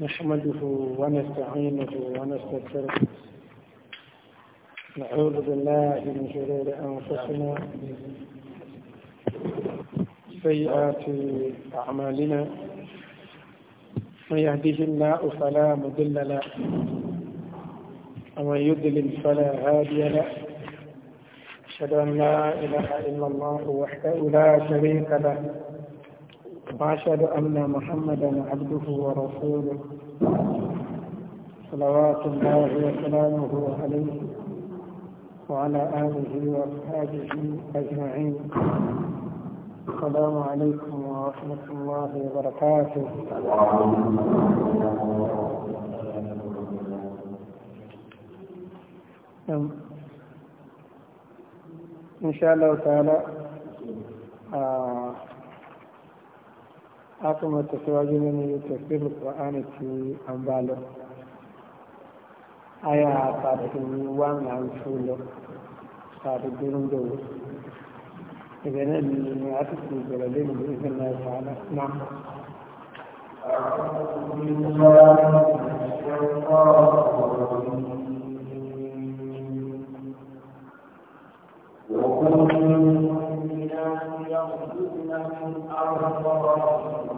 نحمده ونستعينه ونستغفره نعوذ بالله من شرور أنفسنا سيئات أعمالنا من يهده الله فلا مضل له ومن يضلل فلا هادي له أشهد أن لا إله إلا الله وحده لا شريك له وأشهد أن محمدا عبده ورسوله صلوات الله وسلامه عليه وعلى آله وأصحابه أجمعين السلام عليكم ورحمة الله وبركاته نعم. إن شاء الله تعالى آه a tún mọ̀ tẹ̀síwájú nínú tafsir Qur'an tí a ń bá lọ aya àtàkùn wà ń fún lọ tàbí dúró dòwò إذا من عتق الجلالين بإذن الله تعالى نعم أعوذ بالله من الشيطان الرجيم الله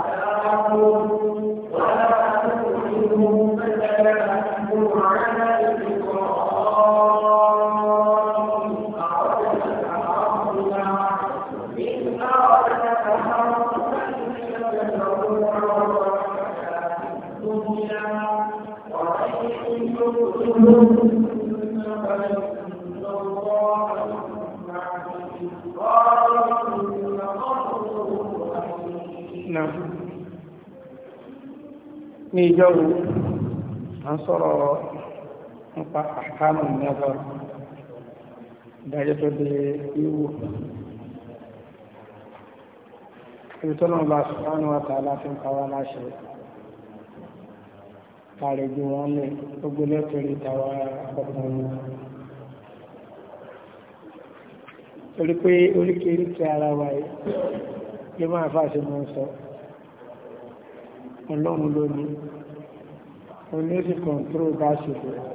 أخلاقهم níjọ́rú a ń sọ̀rọ̀ nípa àkámù nẹ́bọ̀rù ìdájọ́ tó dé wíwò ibi tó lọ́nà bá sùpánù wà tààlà fi ń kọwàá láṣẹ tààrí ju wọn lè gbogbo lẹ́tọ̀rí tàwa ọkùnrin torí pé oríkèéríkèé ara wa yìí ló máa fà ọlọ́run lónìí oníṣì kọ̀ǹtró bá ṣe bẹ̀rẹ̀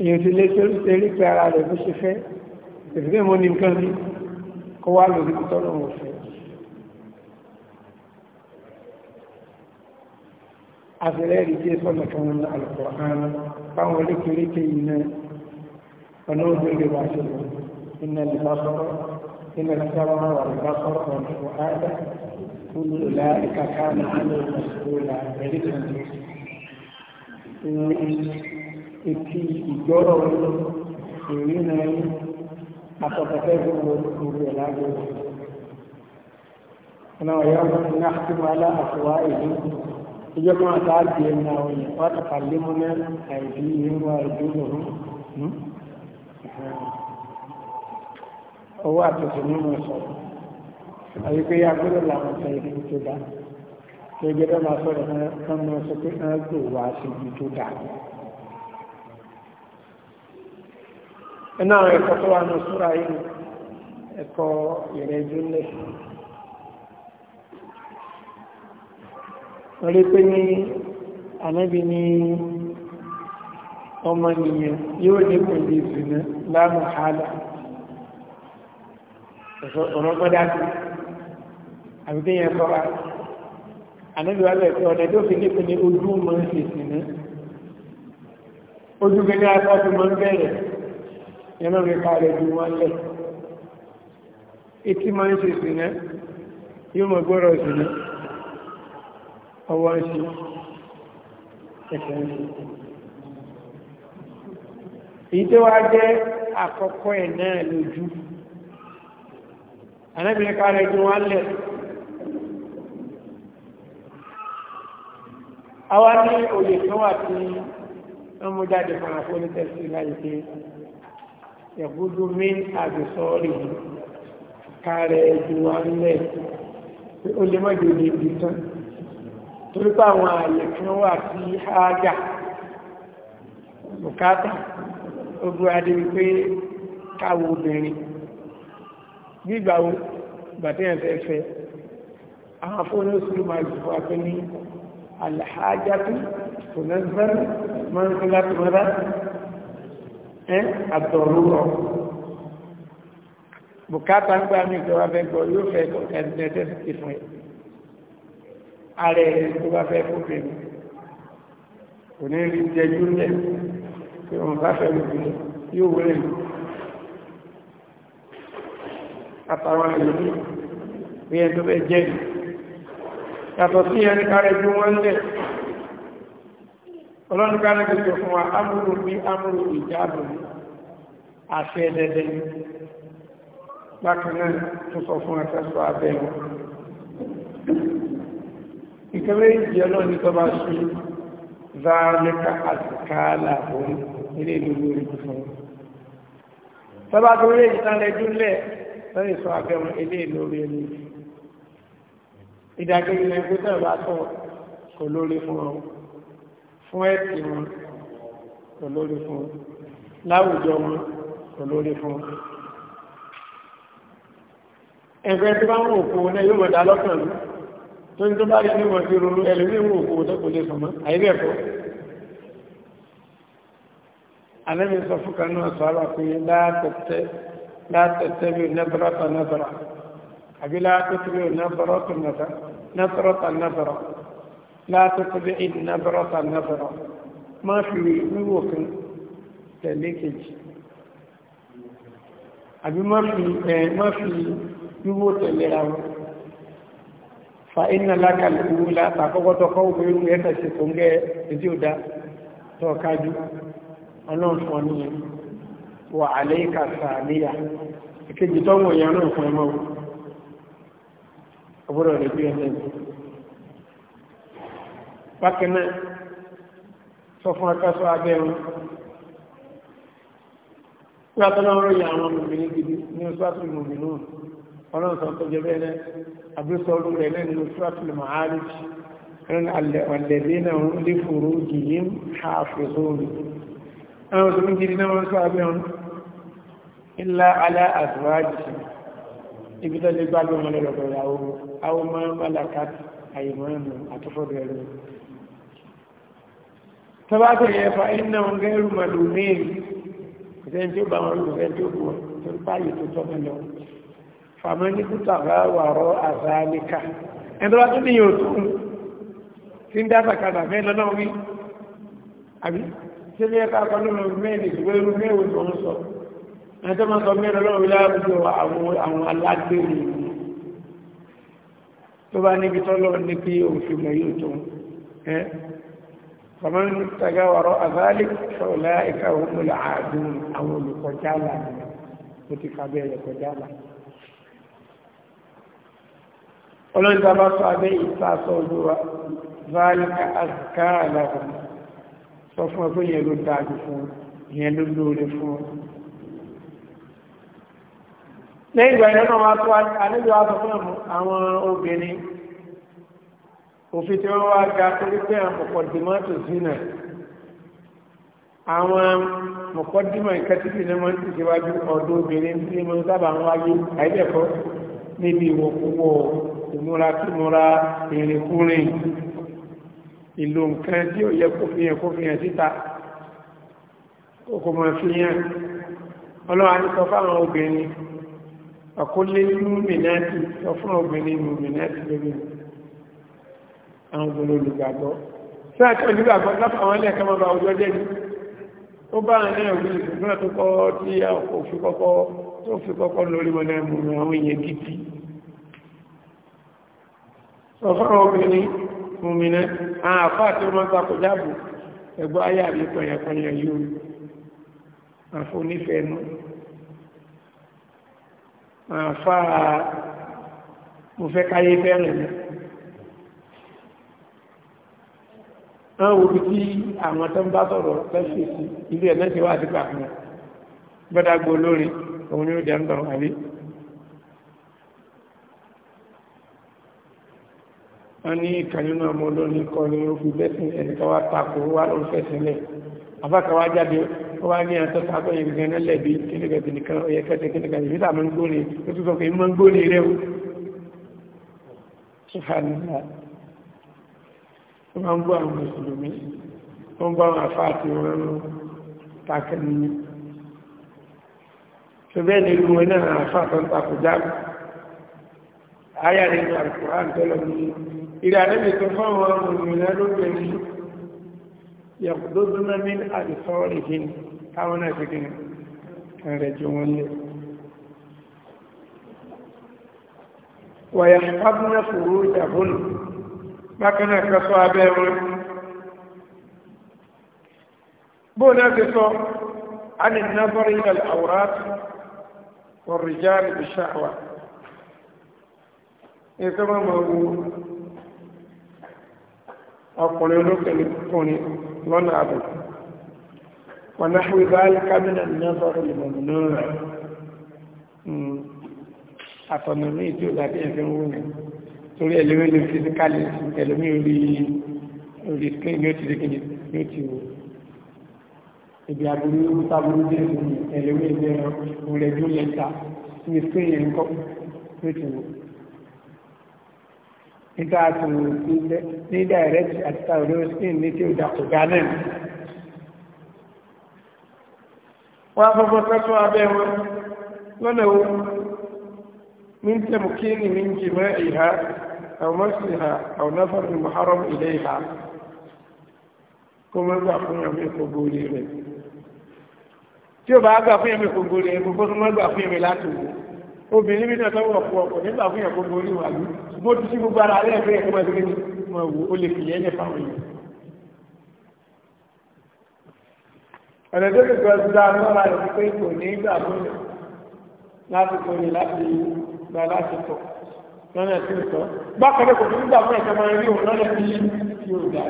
èyí ti lé torí pé ara rẹ̀ bó ṣe fẹ́ ìfẹ́ mo ní nǹkan ní kó wá lórí tọ́lọ̀ wọn fẹ́ àfẹ́rẹ́ rí jẹ́ sọ́nà kan ní àlùkò ààrùn báwọn olékèrékè yìí náà ọ̀nà òbèrè wá ṣe lọ iná ìbásọ́rọ̀ iná ìbásọ́rọ̀ wà ìbásọ́rọ̀ kúlù láì kàkà náà ní ìmọ̀síkòlà ẹ̀ríkàndì etí ìgbọ́rọ̀ ìrìnà àtọ̀tọ̀tẹ̀ gbogbo ìrù ẹ̀ lágbo ọ̀nà ọ̀yọ́ náà tí wọ́n alá àfọwá ìlú ìjọ kan àti àgbẹ̀ ẹ̀mí àwọn èèyàn wọ́n ti pàdé àyè pé agbọ́dọ̀ làwọn ọ̀sẹ̀ ibi tó dá tó gbẹ́dọ̀ máa sọ̀rọ̀ kan máa sọ pé wọ́n gbò wá sí ibi tó dá. iná àwọn ẹ̀kọ́ tó wà ní sùúrà yìí ẹ̀kọ́ ìrẹ́jú lẹ̀. wọ́n rí pé ní ànábì ní ọmọ nìyẹn yóò ní kò lè náà láàmú hálà ọ̀rọ̀ gbọ́dá sí àbí kéèyàn sọ́ra ànábì wa bẹ̀rẹ̀ pé ọ̀dẹ tó fi nípe ni ojú máa ń ṣe sí ní ojú gẹ́gẹ́ aṣọ tó máa ń bẹ̀rẹ̀ yẹn náà nípa rẹ̀ ju wọn lẹ̀ etí máa ń ṣe ní yóò mọ̀ gbọ́rọ̀ sí ní ọwọ́ ń ṣe ń ṣe èyí tó wá jẹ́ àkọ́kọ́ ẹ̀ náà lójú ànábì nípa rẹ̀ ju wọn lẹ̀ àwa ní òye kan wà tí wọ́n mú jáde fún àwọn onítẹ̀sí láyé pé ẹ̀gbúdú mi àgbẹ̀sọ́ọ̀rì kárẹ̀ ju wa ń lẹ̀ pé ó lè má jòlè ibi tán torí pé àwọn àyè kan wà tí ága bùkátà ogun adé wípé káwọ obìnrin gbígbàwó gbàtẹ́yàn fẹ́ fẹ́ àwọn afọ́nà òṣèlú máa jù fún apẹ́ ní alhajatu tunazar manzila tumara ẹn àtọ̀rúrọ̀ bùkátà ń gbà mí ìjọba fẹ́ gbọ́ yóò fẹ́ gbọ́ ẹ̀dẹ́dẹ́ ti fún ẹ ààrẹ rẹ̀ tó bá fẹ́ fún bèèrè kò ní rí jẹjú lẹ̀ tí wọ́n bá fẹ́ lóbi yóò wẹ́rẹ̀ àtàwọn àyè ní ẹni tó fẹ́ jẹ́rìí yàtọ̀ sí ẹni kárẹ̀ ju wọ́n lẹ̀ ọlọ́run kárẹ̀ ti sọ fún wa amúrò bí amúrò ìjáàbò ní àṣẹ ẹ̀dẹ̀dẹ̀ bákan náà tó sọ fún akẹ́sọ̀ abẹ́ wọn ìkẹ́lẹ́ ìjì ọlọ́run tó bá ṣe záàlẹ́ka àtìkáàlà òun ilé ìlú orí fún un tọ́bá ìdágẹ́gẹ́ ilẹ̀ ẹgbẹ́ tẹ̀rẹ̀ bá tọ̀ kò lórí fún wọn fún ẹ̀tì wọn kò lórí fún wọn láwùjọ wọn kò lórí fún wọn ẹgbẹ́ tí bá ń wò fún náà yóò mọ̀ dá lọ́kàn lú tó ń tó bá rí níwọ̀n ti ronú ẹlòmí ń wò fún tó kò lè sọmọ́ àyíbẹ̀kọ́ alẹ́mi sọ fún kanú ọ̀sọ́ àlọ́ pé látẹ̀tẹ̀ bí nẹ́bọ̀rọ̀ tọ̀ àbí látọ́tọ́bí nàbọ̀rọ̀tà nàbọ̀rọ̀ látọ́tọ́bí nàbọ̀rọ̀tà nàbọ̀rọ̀ má fi wíwò kan tẹ̀lé kejì àbí má fi wíwò tẹ̀lé àwọn fa iná lákàlẹ̀ owó látàkọ́kọ́ tọ́kọ́ òkú irú ẹ̀kà sí kò ń gẹ́ ẹjí ò dá tọ́ọ̀kájú ọlọ́nfọ́ ní wà àlẹ́ ìkà sàníyà ìkejì tọ́wọ̀ yẹn ọlọ́nfọ́ ẹmọ́ ọgbọ́dọ̀ rẹ̀ bí ẹsẹ̀ bákan náà sọ fún akásọ abẹ́rún pé atọ́lọ́rọ̀ yà àwọn ọmọbìnrin gidi ní oṣùwàtí ìmọ̀bìnú ọlọ́run sọ tó jẹ bẹ́ẹ̀ náà àbúrúsọ ọdún rẹ̀ lẹ́nu oṣùwàtí ìmọ̀ àáríjì ẹ̀rọ ibi tó lè gbádùn wọn lọ́dọ̀ ìyàwó àwọn ọmọ mọ́láka àyèmọ́ ẹ̀mọ́ àtúfọ́dọ̀ ẹ̀rọ tọ́bátọ̀ yẹ fa iná wọn gẹ́rù màlúù mẹ́rin kò sẹ́ni tí ó bá wọn lò fẹ́ tí ó bù wọn tó ń báyìí tó tọ́ mẹ́lọ fàmọ́ ní kúta bá wàrọ́ àzáníkà ẹni tó bá tún níyàn òtún tí ń dá sàkàdà fẹ́ lọ́nà wí àbí sẹ́ni ẹ̀ka akọ́nù ẹjọ́ máa sọ mẹ́rin lọ́wọ́ láàrùjọ àwọn alágbèrè tó bá níbi tọ́lọ ní pé òfin mọ̀ yóò tó ẹ́ kọmọ́ ní tagawàrọ̀ àzálì ṣọ́lá ìka òmùlà àádùn àwọn olùkọjálà ó ti fàbẹ́ olùkọjálà ọlọ́nta bá sọ abẹ́ ìtàsọ olúwa lẹ́yìn ìgbà ìrẹ́nà wa tó àníjọ wa sọ fún àwọn obìnrin òfin tí wọ́n wá ga torí pé àwọn mọ̀kọ́dìmọ́ tó zina àwọn mọ̀kọ́dìmọ̀ ìkẹ́tìkì ní wọ́n ti síwájú ọ̀dọ́ obìnrin tí wọ́n sábà ń wáyé àìbẹ̀kọ́ níbi ìwọ̀kúwọ̀ ìmúrakúmúra ìrìnkúrìn ìlò nǹkan tí ó yẹ kó fi hàn kó fi hàn síta kókò mọ̀ fi hàn ọlọ́run á ní sọ fáwọn obìnrin àkólé múmìnàtì sọ fún obìnrin múmìnàtì lórí àwọn obìnrin olùgbàgbọ́ tí a tẹ́ olùgbàgbọ́ lápàwọn ilẹ̀ kan bá ọjọ́ jẹ́ ní ó bá rẹ̀ náà wí ìgbìmọ̀ tó kọ́ tí a kò fi kọ́kọ́ tó fi kọ́kọ́ lórí mọ́nà múmi àwọn èèyàn gidi sọ fún obìnrin múmìnàtì àwọn àfá àti ọmọ gbàkọ̀ jáàbù ẹgbọ́ ayé àbíkọ̀ yẹn kan yẹn yóò àfọ onífẹ̀ẹ́ náà àfa mo fẹ́ káyé fẹ́ràn mi wọ́n wo bí tí àwọn tó ń bá sọ̀rọ̀ lẹ́sẹ̀ sí ilé ẹ̀ lẹ́sẹ̀ wà sípà fún wọn gbọ́dá lórí òun ni ó jẹ́ ń bọ̀ àbí wọ́n ní ìkànnínú ọmọ olórin kọ́ ni ó fi bẹ́sìn ẹnìkan wá takò wá lóun wá ní ẹ̀tọ́ sábẹ́ yẹn gan náà lẹ́bi kíníkàtì nìkan ọ̀yẹ́ kẹsẹ̀ kíníkàtì ìfẹ́ àmọ́ ń gbóni ó tún sọ pé mọ́ ń gbóni rẹ̀ o ṣùfàníà wọ́n ń bọ́ àwọn mùsùlùmí wọ́n bọ́ àwọn àfáàtì wọn ń takẹ́ nínú ṣùgbẹ́ ní ìlú wọn náà ọmọ ìrìn àdókè yìí يقضضن من أبصارهم أو نفقهم رجوان ويحفظن فروجهن ما كان كصابر بنا بصر عن النظر إلى الأوراق والرجال بالشهوة إذا ما موجود أقول لك أن تكوني lọ́nà àbùkù wọn náà wí bá kábínà ní ọ̀rọ̀ ìmọ̀mù náà àtọ̀nà ní ìdí òdàbí ẹ̀fẹ́ ń wúni torí ẹlẹ́wẹ́ lè fi sí kálí ẹlẹ́mí orí orí screen ní ó ti dé ìlú nígbà tó ní direct àti tàbí spain ní tí ó dàpọ̀ ghana wọ́n afọ́fọ́ sọ́tún abẹ́ wọn lọ́nà wo ní tẹ̀mùkínì ní jìmọ́ ìhà àwọn mọ́sílẹ̀ àwọn náfàbí muharram ilé ìhà kó mọ́ gbà fún ẹ̀mí ìfògbò rẹ̀ tí ó bá gbà fún ẹ̀mí ìfògbò rẹ̀ gbogbo tó obìnrin bí náà tọ́wọ́ ọ̀pọ̀ ọ̀pọ̀ nígbà fún ẹ̀kọ́ ní orí wàlú bó ti sí gbogbo ara rẹ̀ ẹ̀fẹ́ ẹ̀kọ́ máa gbé ní máa wò ó lè fi yẹn lẹ̀ fáwọn èèyàn. ọ̀nà tó lè gbọ́ sí dáa lọ́la rẹ̀ pé kò ní gbà bọ́lẹ̀ láti kọ́ni láti gba láti tọ̀ lọ́nà tí ó tọ́. bákan náà kò ní gbà fún ẹ̀kọ́ máa rí òun lọ́nà tí yóò dáa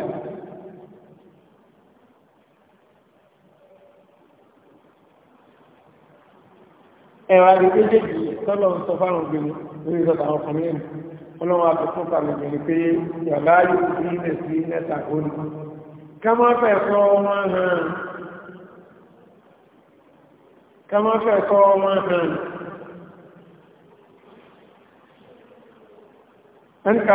ẹ̀wà rẹ̀ méjèèjì tọ́lọ̀ ń sọ fáwọn obìnrin lórí ìtọ́ta àwọn ọkùnrin ẹ̀mí ọlọ́run àtúntò kalẹ̀ mẹ́rin pé yàrá yóò fi ilẹ̀ sí mẹ́ta òní ká má fẹ́ sọ ọmọ hàn ká má fẹ́ sọ ọmọ hàn ẹn ka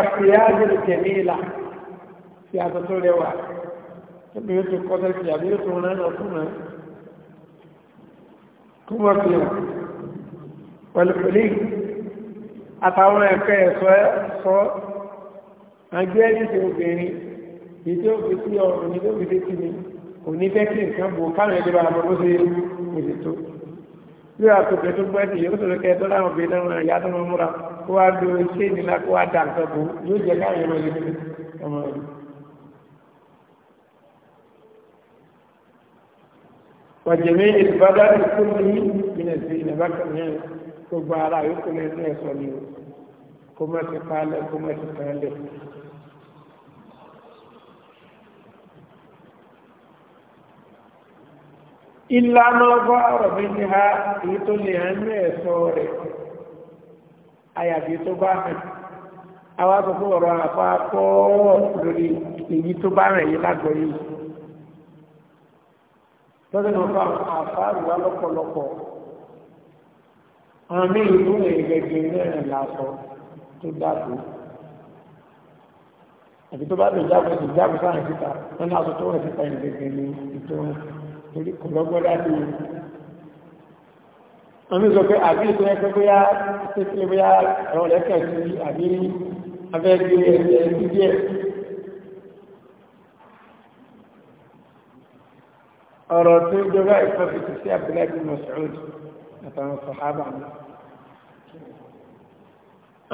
fi ájẹ́ pẹ̀lú pẹ̀lú àtàwọn ẹ̀kọ́ ẹ̀sọ́ ẹ̀sọ́ agbẹ́ ẹ̀dìsẹ̀ obìnrin yìí tí ó fi sí ọ̀rùn ní tó fi dé sí ni òní fẹ́ kí nǹkan bò káwọn ẹgbẹ́ bá bó ṣe òṣè tó bí wàá tó pẹ̀lú pẹ̀lú ẹ̀sìn yóò sọ̀rọ̀ kẹ́ẹ̀tọ́ láwọn obìnrin náà wọn ìyá tó wọn múra kó wá do iṣẹ́ ìnira kó wá dà nǹkan bò gbogbo ara yòókù lẹ́nu ẹ̀sọ́ ni o kó má ti palẹ̀ kó má ti palẹ̀. ìlànà ọgbọ́n ọ̀rọ̀ mi ni ha èyí tó lè hàn ní ẹ̀sọ́ rẹ̀ àyàbí tó bá hàn àwọn akọ̀kọ̀ ọ̀rọ̀ àpapọ̀ lórí èyí tó bá rẹ̀ yí lágbọ̀ yìí tọ́jú ní wọ́n fà àfáàrù wa lọ́pọ̀lọpọ̀ àwọn míì tó lè gẹ̀gẹ̀ náà lásọ tó dáàbò àti tó bá lè jábọ̀ sí jábọ̀ sáà síta wọn lásọ tó wọ̀ síta ìgẹ̀gẹ̀ ní ìtò torí kò lọ́gbọ́n láti wọn ní sọ pé àbí ìtò ẹgbẹ́ bóyá títí bóyá ẹ̀rọ lẹ́kẹ̀ẹ́ sí àbí abẹ́gbé ẹ̀jẹ̀ dídíẹ̀ ọ̀rọ̀ tó jọba ìfọ́fìtì sí Abdullahi Mas'ud àtàwọn sọ̀hábà náà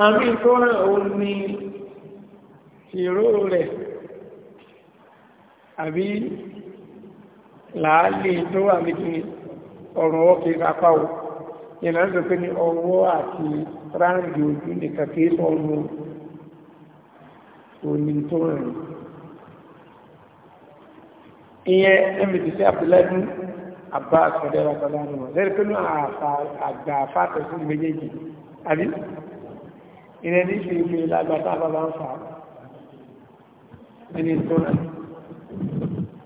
àmì ìkóràn òun ni ìró rẹ̀ àbí làálì tó wà níbi ọ̀rùn ọwọ́ kìí apá o ìrìnà ń pè ní ọwọ́ àti ráńdì ojú nìkan kìí sọ̀rùn òní tó rìn ìyẹn ẹmìtì sí àpìlẹ́dún abbas ọdẹ́rọ tọ́lánù wọn lẹ́rìí pé náà àgbà fàtẹ̀ fún méjèèjì àbí ìrẹ́ ní ṣe ìfẹ́ lágbàtà bàbá ń fà ẹni tó náà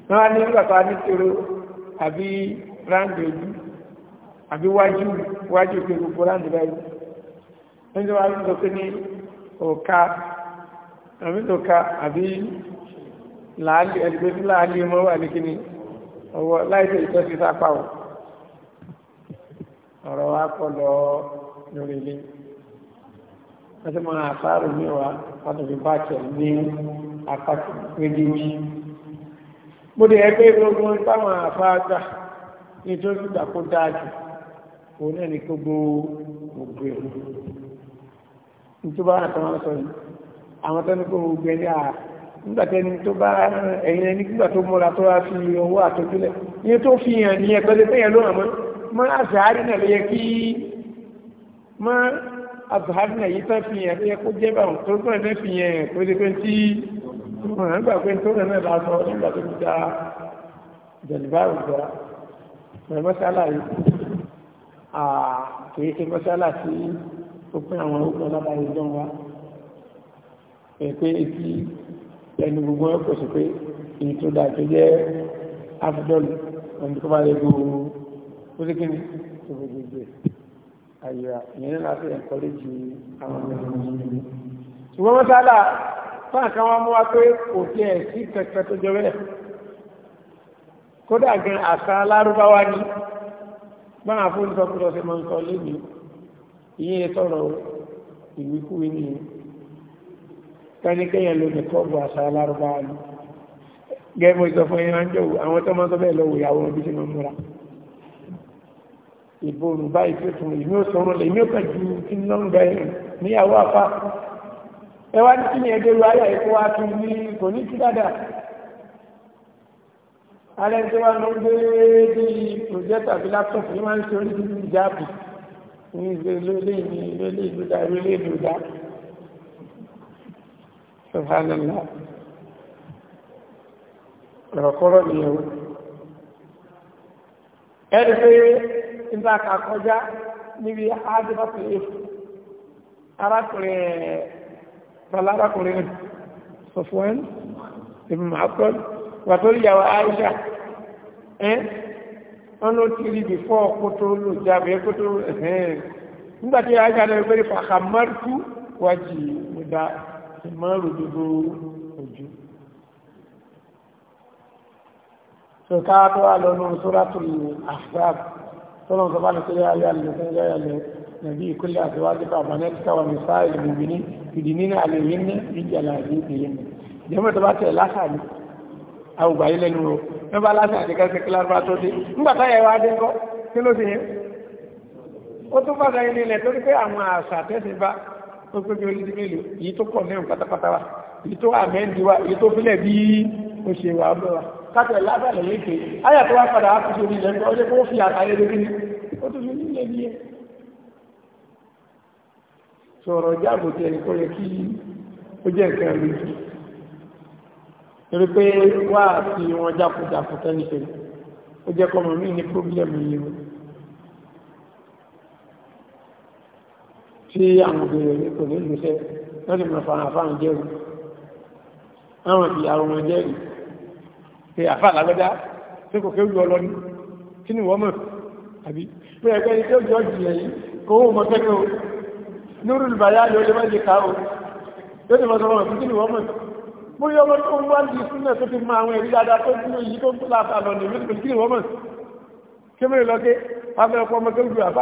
wọ́n á ní bàbá nítorò àbí ráńdì ojú àbí wájú wájú pé gbogbo ráńdì báyìí ẹni tó ọwọ́ láìsí ìtọ́ ti sápá o ọ̀rọ̀ wa kọ́ lọ lórí ilé wọ́n ti máa àpárò mẹ́wàá wọ́n ti bá tẹ̀ ní apákì méjèèjì mo dẹ̀ ẹgbẹ́ ìgbógun táwọn àfáàgbà nítorí ìgbà kó dáa jù òun náà gbogbo nítorí àtàwọn sọ yìí àwọn tó nígbàtẹ́ni tó bá ẹ̀yìn ẹni nígbà tó múra tó wá fi owó àtọ́júlẹ̀ iye tó fi hàn ní ẹgbẹ́lẹ́ pẹ́yẹ ló hàn mọ́ mọ́ àzàárì náà ló yẹ kí mọ́ àzàárì náà yìí tán fi hàn ló yẹ kó jẹ́ báwọn tó tọ́ ẹ̀fẹ́ fi hàn kó lè pé tí wọ́n hàn gbà pé tó rẹ̀ náà lásọ nígbà tó ti da jẹ̀lìbá òjò rẹ̀ mọ́sálà yìí kìí ṣe mọ́sálà sí òpin àwọn òkú ọlọ́ba ẹni gbogbo ẹ̀kọ́ sí pé èyí tó dáa tó jẹ́ afidọ́lù ẹni tó bá lè gbogbo ó sì kí ni tó gbogbo gbé àyíra ìyẹn ní láti ẹ̀kọ́ lè ju àwọn ọmọ ẹ̀kọ́ sí ṣùgbọ́n mọ́sálà fáà kan wá mú wa pé kò tí ẹ̀ sí kẹ̀kẹ́ tó jọ bẹ́ẹ̀ kódà gan àṣà lárúbáwá ni báwọn afúnisọkúrọsẹ máa ń sọ lẹ́yìn ìyẹn sọ̀rọ̀ ìwíkúwé nìyẹn káníkẹ́yàn ló ní kọ́ọ̀bù àṣà alárúbáwá ni gẹ́gbọ́ ìsọ fún ẹran jẹ́ àwọn tó máa sọ́bẹ̀ lọ ìyàwó ọdún sí máa múra ìbòrùn bá ìfẹ́ fún ìmí òsòrùn lè ní òkà ju kí lọ ń bẹ̀rẹ̀ ni ẹgbẹ́ ru ayà wa tún ní kò ní kí dáadáa project àbí laptop ní máa ń ṣe orí ìjáàbù ní ìlú ilé subhanallah ọ̀rọ̀kọ́rọ̀ ni ẹ̀wọ́ ẹ̀rí pé nígbà kàkọjá níbi ájúbáfẹ́ arákùnrin arákùnrin sọfún ibùn àkọ́lù wà tó yàwó Aisha ẹ́ wọ́n ló ti rí bí fọ́ kótó ló jábẹ́ kótó ẹ̀hẹ́n nígbàtí Aisha lọ gbé fàkàmọ́rùkú wájì mú dáa sì máa rò gbogbo ojú ṣùkà tó wà lọ́nà suratul Ahzab tọ́nà tó bá ní kílẹ̀ ayé alẹ́sẹ̀ ayé nàbí ìkúlẹ̀ àtiwájú bàbá nẹ́tíkà wà ní sáà ìlú bìíní ìdìní ní àlèyé ní ìjàlá àbí ìpìlẹ̀ ní jẹ́mọ̀ tó bá tẹ̀ lásàbí àwùgbà yìí lẹ́nu o ní bá lásàbí kẹsẹ̀ kílárúbá tó dé ńgbà táyà ìwà dé ó pé kí ó lè di mélòó èyí tó kọ̀ náà pátápátá wa èyí tó àmẹ́ndì wa èyí tó fílẹ̀ bí ó ṣe wà bọ́ wa káàkiri lábẹ́lẹ̀ léke ayà tó wá padà á fi sórí ilẹ̀ ńlọ ó lè kó fi àtàyè lórí ni ó tún fi nílé bí ẹ. sọ̀rọ̀ jáàbò tí ẹni tó yẹ kí ó jẹ́ nǹkan lójú torí pé wá àti wọn jákujàkù tẹ́lifẹ̀ ó jẹ́ kọ́mọ mí ní pírọ́blẹ̀mù yìí tí àwọn obìnrin kò ní lùsẹ́ lọ́dún mọ̀ fara fáwọn jẹ́rù àwọn ìyàwó wọn jẹ́rù pé àfà lágbẹ́dá tí kò kéwù ọlọ́ ní kí ni wọ́n mọ̀ àbí pé ẹgbẹ́ ni tó jọ jìyà yìí kò wọ́n mọ̀ kẹ́kẹ́ o nírú ìbáyá ni ó lè má lè ká o yóò ti mọ̀ sọ fún kí ni wọ́n mọ̀ mo yọ ọmọ tó ń wá di súnmọ̀ tó ti máa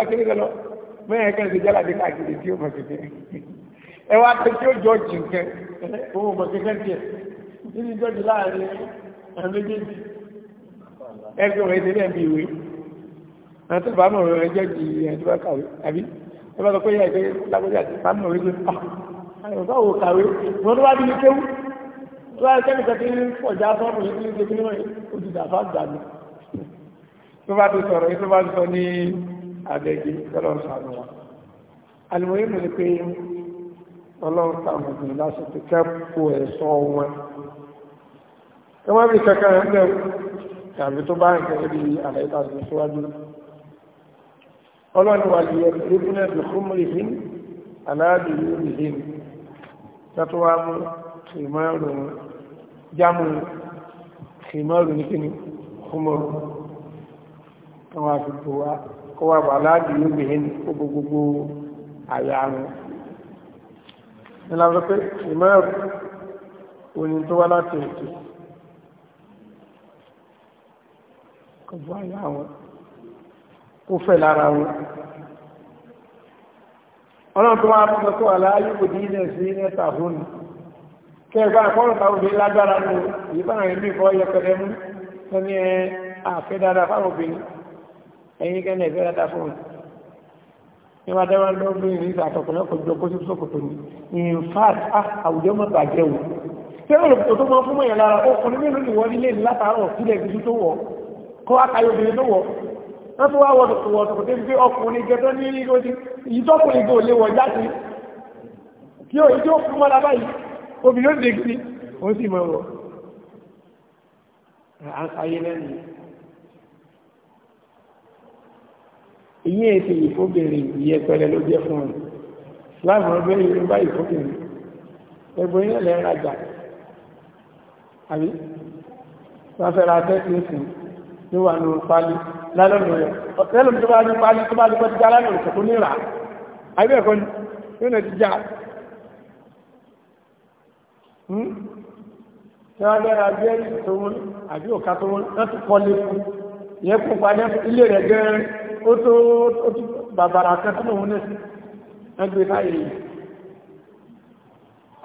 àwọn ẹ̀rí mẹ́rin kan ṣe jálàdé káàkiri tí ó mọ̀ kékeré ẹ wá pé tí ó jọ jì nǹkan owó mọ̀ kékeré tiẹ̀ nínú ìjọ́jú láàrin àwọn méjèèjì ẹgbẹ́ òun ẹ̀dẹ́rẹ́ bí ìwé àwọn tó bá mọ̀ ọ̀rọ̀ ẹjẹ́ jì ẹni tó bá kàwé àbí ẹ bá sọ pé yẹ ẹgbẹ́ lágbẹ́jà ti bá mọ̀ wípé ah, àwọn ò kàwé wọn tó wá bí ní kéwú tó wá kẹ́nìkan tí ń fọ̀já sọ́ọ̀mù yìí tí ń ṣe kí ní wọ́n yìí ó ti dà fáàgbà mi tó bá ti sọ̀rọ̀ yìí tó bá ti sọ ní abẹ́gi kọlọ́sàánú wa alìmọ̀yé mọ̀ ní pé ọlọ́run táwọn obìnrin lásìkò kẹ́kọ̀ọ́ ẹ̀sọ́ wọn kọ́mọ́ bí kankan ẹ̀ ń bẹ̀rù tàbí tó bá ń kẹ́kẹ́ bí àlàyé tàbí síwájú ọlọ́run wà lè àfikò wá kó wá bàálà dìlú bìhín kó gbogbo àyà àrùn nílànà pé ìmọ̀ràn oní tó wá láti ètò kò bọ́ àyà wọn kó fẹ́ lára wọn ọlọ́run tó wá sọ pé aláyé kò dín ní ẹ̀sìn ẹ̀ta fún mi kẹgbà àkọ́rọ̀ táwọn obìnrin lágbára ní ìbára ẹ̀mí ìfọ́ yẹpẹrẹ mú tó ní ẹ àfẹ́ dáadáa fáwọn obìnrin ẹ̀yin kẹ́lẹ̀ ìfẹ́ rátà fún mi ní wọ́n dáwà lọ́gbìn ní ìsàtọ̀kùnlọ́kùn jọ kó sípò kò tó ní in fact ah, àwùjọ mọ́ bàjẹ́ wò tí wọ́n lòpùtò tó mọ́ fún mọ́yàn lára ọkùnrin mélòó ni wọ́n nílé látàárọ̀ sílẹ̀ gidi tó wọ̀ kọ́ akayọ̀ obìnrin tó wọ̀ wọ́n tó wá wọ̀ tọ̀kùtọ̀ tó fi ọkùnrin gẹ́tọ́ ní ìrọ́dí ìtọ́kùnrin gò lè wọ̀ jáde kí o ìyí èsì ìfóbìnrin ìyẹpẹrẹ ló jẹ́ fún ọ̀nà láàrín ọgbẹ́ ìrìn bá ìfóbìnrin ẹgbẹ́ iná lẹ́ rajà àbí wọ́n fẹ́ ra tẹ́sí sí ní wà ní pálí lálọ́nà rẹ̀ ọ̀tẹ́lùm tó bá ní pálí tó bá ní pẹ́tí jálánà òṣèkú ní rà àbẹ́ ẹ̀kọ́ ní yóò ti já tí wọ́n lẹ́ra bí ẹ̀rí tó wọ́n àbí òkà tó wọ́n láti kọ́lé fún ìyẹ́kùn padà ilé rẹ̀ gẹ́rẹ́ ó tó bàbàrà kan tó lòun náà ẹgbẹ́ láyé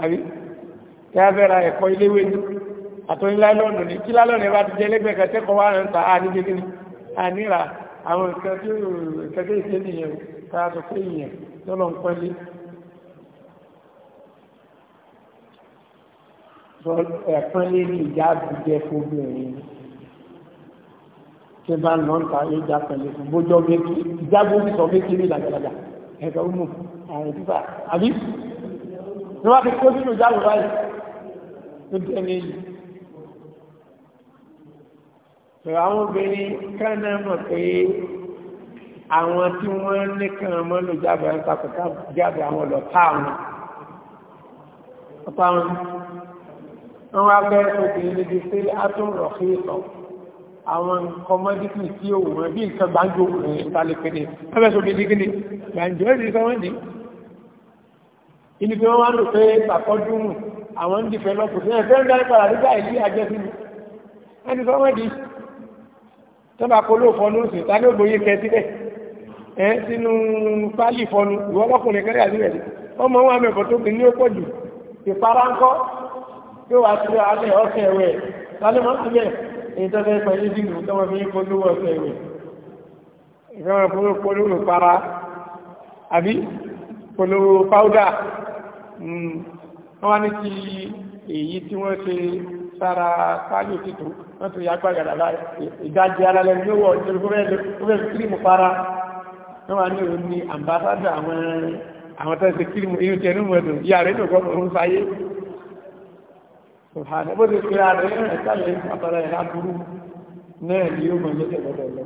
àbí tẹ́ abẹ́ra ẹ̀kọ́ iléwé ní àtọ́niláìlọ́nù ní kí lálọ́nù ẹ bá ti jẹ́ lẹ́gbẹ̀ẹ́ kẹtẹ́kọ̀ọ́ wà ń ta àníjẹ́ kí ni àníra àwọn nǹkan tí ó kẹ́kẹ́ ìṣe nìyẹn tí bá ń lọ ń ta ìjà pẹ̀lú fún bójọ́ méjì ìjágbó ń sọ méjì ní ìdàgbàdàgbà ẹ̀ka ó mú ààrẹ fífà àbí tí wọ́n fi kó sínú ìjágbó báyìí tó dé ní èyí. Sọ̀rọ̀ àwọn obìnrin kánà mọ̀ pé àwọn tí wọ́n nìkan mọ́ ló jáde ń takọ̀tà jáde àwọn ọ̀lọ́tà àwọn ọ̀pá wọn. Wọ́n wá bẹ́ẹ̀ obìnrin níbi sí àtúnrọ̀ fún ìtàn àwọn kọmọdítì tí ó wọ́n bí nǹkan gbájú ìtàlẹ̀kẹ́ni ẹgbẹ́sọ bí gíní gbàǹjọ́ ìdí sọ́wọ́ndì inú bí wọ́n wá lò pé pàkọ́dúnmù àwọn dìfẹ́lọ́pù sí ẹ̀fẹ́ ń darí padà nígbà ìlú àjẹsínú ẹni sọ́wọ́ndì tọ́ba kó ló fọnú sí ta ní ògbóyè kẹsílẹ̀ ẹ sínú pálí fọnú ìwọ́lọ́kùnrin kẹrẹ́ àdúrà ọmọ wọn mẹ́fọ́ tó kì ní ó pọ̀ jù ìpara ńkọ́ yóò wá sí ọ̀sẹ̀ ẹ̀wẹ̀ ta ni wọ́n ti èyí tó fẹ́ pẹ̀lú dìbò tó wọ́n fi ń polówó ọ̀sẹ̀ ìwé ìfẹ́wọ̀n polówó polówó para àbí polówó páúdà hmm. wọ́n wá ní ti èyí tí wọ́n ṣe sára pálí òtítù wọ́n ti yàgbà gàdàdà ìdájí alálẹ́ ní owó ọ̀tẹ́lẹ̀ kírìmù para wọ́n wá ní òun ní àmbásádà àwọn tẹ́sí kírìmù inú tẹ́nu mọ̀dùn yàrá inú gọ́ọ̀mù ń sáyé sùhánà bó ti pèrè àrẹ ẹ̀rẹ̀ ìtàlẹ̀ àtàrà ẹ̀rá burú náà ni ó mọ̀ lẹ́tẹ̀ lọ́dọ̀ lọ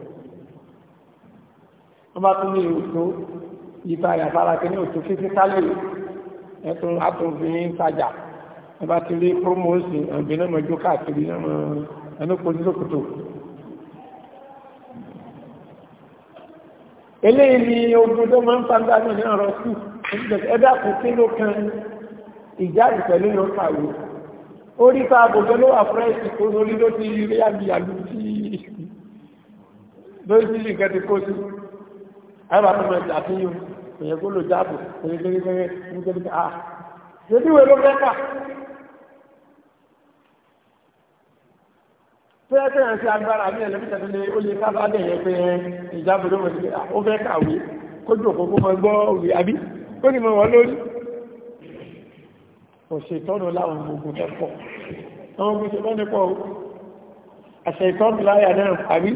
wọ́n bá tún ní òtó ìta àyàfára kí ní òtó fífíkálẹ̀ ẹ̀tún àtòfin tajà wọ́n bá ti rí promosi ọ̀gbìn náà mọ̀jú káàkiri náà ẹnúkòtòkòtò eléyìí ni ogun tó máa ń pàdé àná ní ọ̀rọ̀ sí ẹ̀dá kò ló kan ìjáde pẹ̀lú yóò kàwé orí tá àbòjọ ló wà fúrẹ́sì kó lórí ló ti rí àbíyàlú tí lórí sí nǹkan ti kó sí àwọn àtọmọ ẹ̀dà tí yóò èyàn kó lò jáàbò èyàn kéré kéré ní kéré kéré ah ṣètí ìwé ló fẹ́ kà tó yẹ kéèyàn sí agbára àbí ẹ̀lẹ́bí tẹ̀lé lé ó lè sábà dẹ̀ yẹn pé ìjábò ló ah, fẹ́ kàwé kójú òkú kó mọ gbọ́ òwe àbí kó ní mọ wọn lórí òṣètọ́nù láwọn ogun tẹ́pọ̀ àwọn ogun ṣetọ́nù pọ̀ àṣẹ̀tọ́nù láyà náà àrí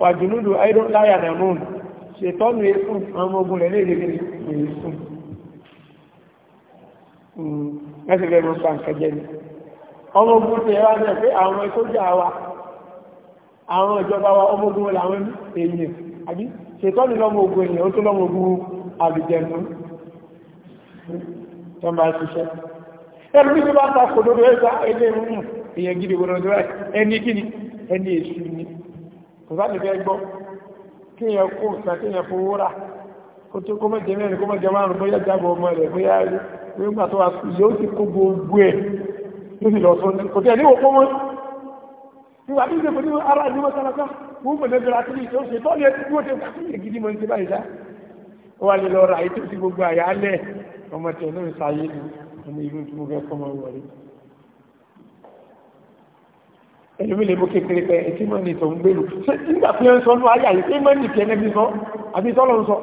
wàjúlúdù àìdán láyà náà mún ṣètọ́nù èsùn àwọn ogun rẹ̀ léèrè èsùn mẹ́sìlẹ̀ mọ́ pa nǹkan jẹ́ ni ọmọ ogun ti ẹwà náà pé àwọn sójà wa àwọn ìjọba wa ọmọ ogun làwọn èèyàn àbí ṣètọ́nù lọ́mọ ogun èèyàn ó tó lọ́mọ ogun àlùjẹ̀nu tó ń bá ṣiṣẹ́ ẹ̀rù ní bá ta kò lórí ẹ̀ta ẹgbẹ́ ìrùn èyàn gidi wọn lọ́dọ́ ẹni gidi ẹni èṣù ni kò bá lè fẹ́ gbọ́ kí èyàn kó nǹkan kí èyàn fowó rà kó tó kó mẹ́jẹ mẹ́rin kó mẹ́jẹ márùn bóyá jábọ̀ ọmọ rẹ̀ bóyá wọ́n gbà tó wà yóò ti kó gbogbo ẹ̀ ló sì lọ sọ ní kò tẹ̀ níwò kó wọn ìwà tí ìṣe pẹ̀lú ara ìlú mọ́sálásá wọ́n mọ̀ lẹ́bẹ̀rẹ̀ àti ìṣe òṣè tọ́lú ẹ̀ tí wọ́n ti wà sí ìgidi mọ́ ní ti báyìí sá wọ́n wà lè lọ ra ètò sí gbogbo àyálẹ̀ ọmọ tẹ̀ ni ọmọ ìlú tí mo fẹ́ kọ́ máa wọlé ẹlòmí lè bó kékeré pé ẹtí máa ní ìtọ̀ ń gbèrú nígbà pé ń sọ ní ayé àyè pé máa ní ìtì ẹnẹ́bí sọ àbí sọ́lọ́ ń sọ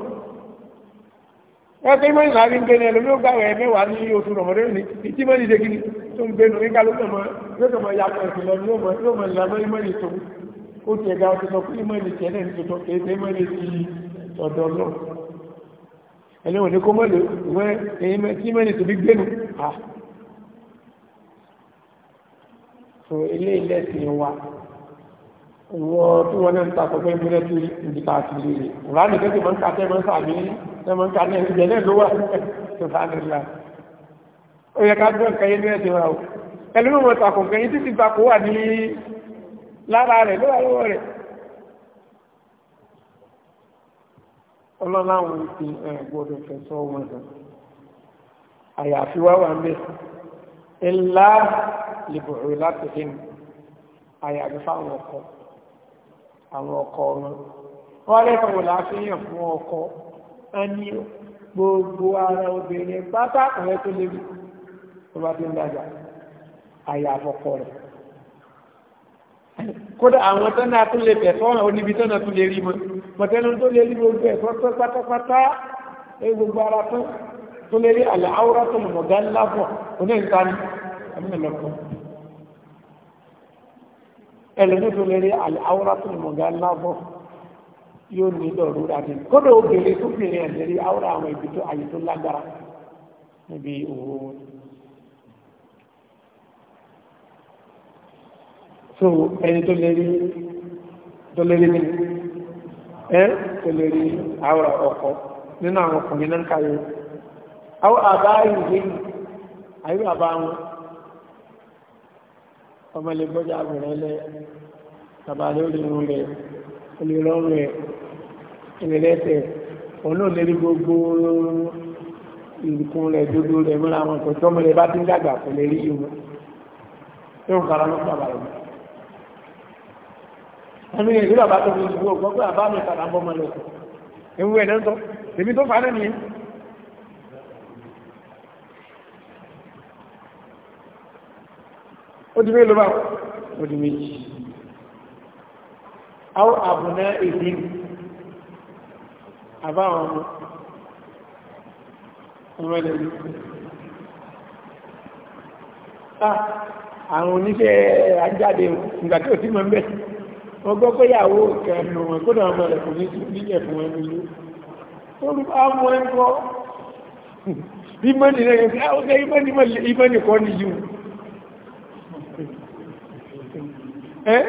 ẹgbẹ́ máa ní láàrin ń gbẹ́ni ẹlòmí ó gbà ní oṣù rọ̀mọdé ní ní ìdẹ́gìrì mọ́ ẹni wọn ni kó mọ́ lè wọ́n ẹ̀yìn tí mẹ́rin tó bí gbénu à so ilé ilẹ̀ ti wa wọ́n tí wọ́n náà ń ta pẹ̀pẹ́ ìpínlẹ̀ tó ìdíkà àti ilé rẹ̀ wọ́n ní kẹ́kẹ́ máa ń ka tẹ́ máa ń sàbí tẹ́ máa ń ka náà ìjẹ́ náà ló wà tó bá ní ìlà ó yẹ ká gbọ́ nǹkan yẹn ní ẹ̀sìn wa o ẹlẹ́mọ̀ mọ̀ takùnkẹ́ yìí títí takò wà ní lára rẹ̀ lọ́wọ́ rẹ̀ ọlọ́láwọn ti ẹ̀ gbọ́dọ̀ fẹ̀sọ́ wọn lọ àyàfi wá wà mẹ́ ńlá lìbòrò láti hìn àyàfi fáwọn ọkọ àwọn ọkọ wọn wọ́n lẹ́kọ̀ọ́ wò láfihàn fún ọkọ a ní gbogbo ara obìnrin pátá ọ̀rẹ́ tó lébi tó bá ti ń dájà àyàfọ̀kọ rẹ̀ kódà àwọn tó náà tún lè tẹ̀sọ́ ọ̀nà oníbi tó náà tún lè rí mọ́ mọ̀tẹ́nu tó lè rí gbogbo ẹ̀sọ́ tó pátápátá ẹ̀rí gbogbo ara tó tó lè rí àlẹ́ áwúrá tó lùmọ̀ gá ńlá bọ̀ oní ìta ni àmì lọ́kọ̀ ẹlòmí tó lè rí àlẹ́ áwúrá tó lùmọ̀ so ẹni tó lè rí tó lè rí mi ẹ́ tó lè rí àwọn ọkọ nínú àwọn ọkùnrin náà káyé àwọn àbá ìwé àyíwá bá wọn ọmọ lè gbọ́jà àbùrẹ́ lẹ́ bàbá lè rí irun rẹ̀ olè rọrùn rẹ̀ olè lẹ́sẹ̀ òun náà lè rí gbogbo ìrìkún rẹ̀ dúdú rẹ̀ múra wọn kò tọ́mọ rẹ̀ bá ti ń dàgbà kò lè rí irun yóò fara lọ́pàá bàbá rẹ̀ ẹnu yẹn ìlú àbá tó fi ìlú ògbọ́n pé àbá mi padà bọ́ mọ́lẹ̀ ewu ẹ̀ lẹ́ńtọ́ èmi tó fa náà nìyẹn ó di mélòó bá ó di méjì àwọn àbùnà èdè àbáwọn ọmọ ọmọ ah, àwọn oníṣẹ́ ajáde ìgbà tí ò sí mọ́ wọ́n gbọ́ pé yàwó kẹrin wọn kó náà mọ̀ lẹ́kùn ní nílẹ̀ fún wọn nílé olú àmọ́ ẹ̀ kọ́ ìmọ̀ni rẹ̀ yẹn ọ̀gá ìmọ̀ni kọ́ ní yìí ẹ́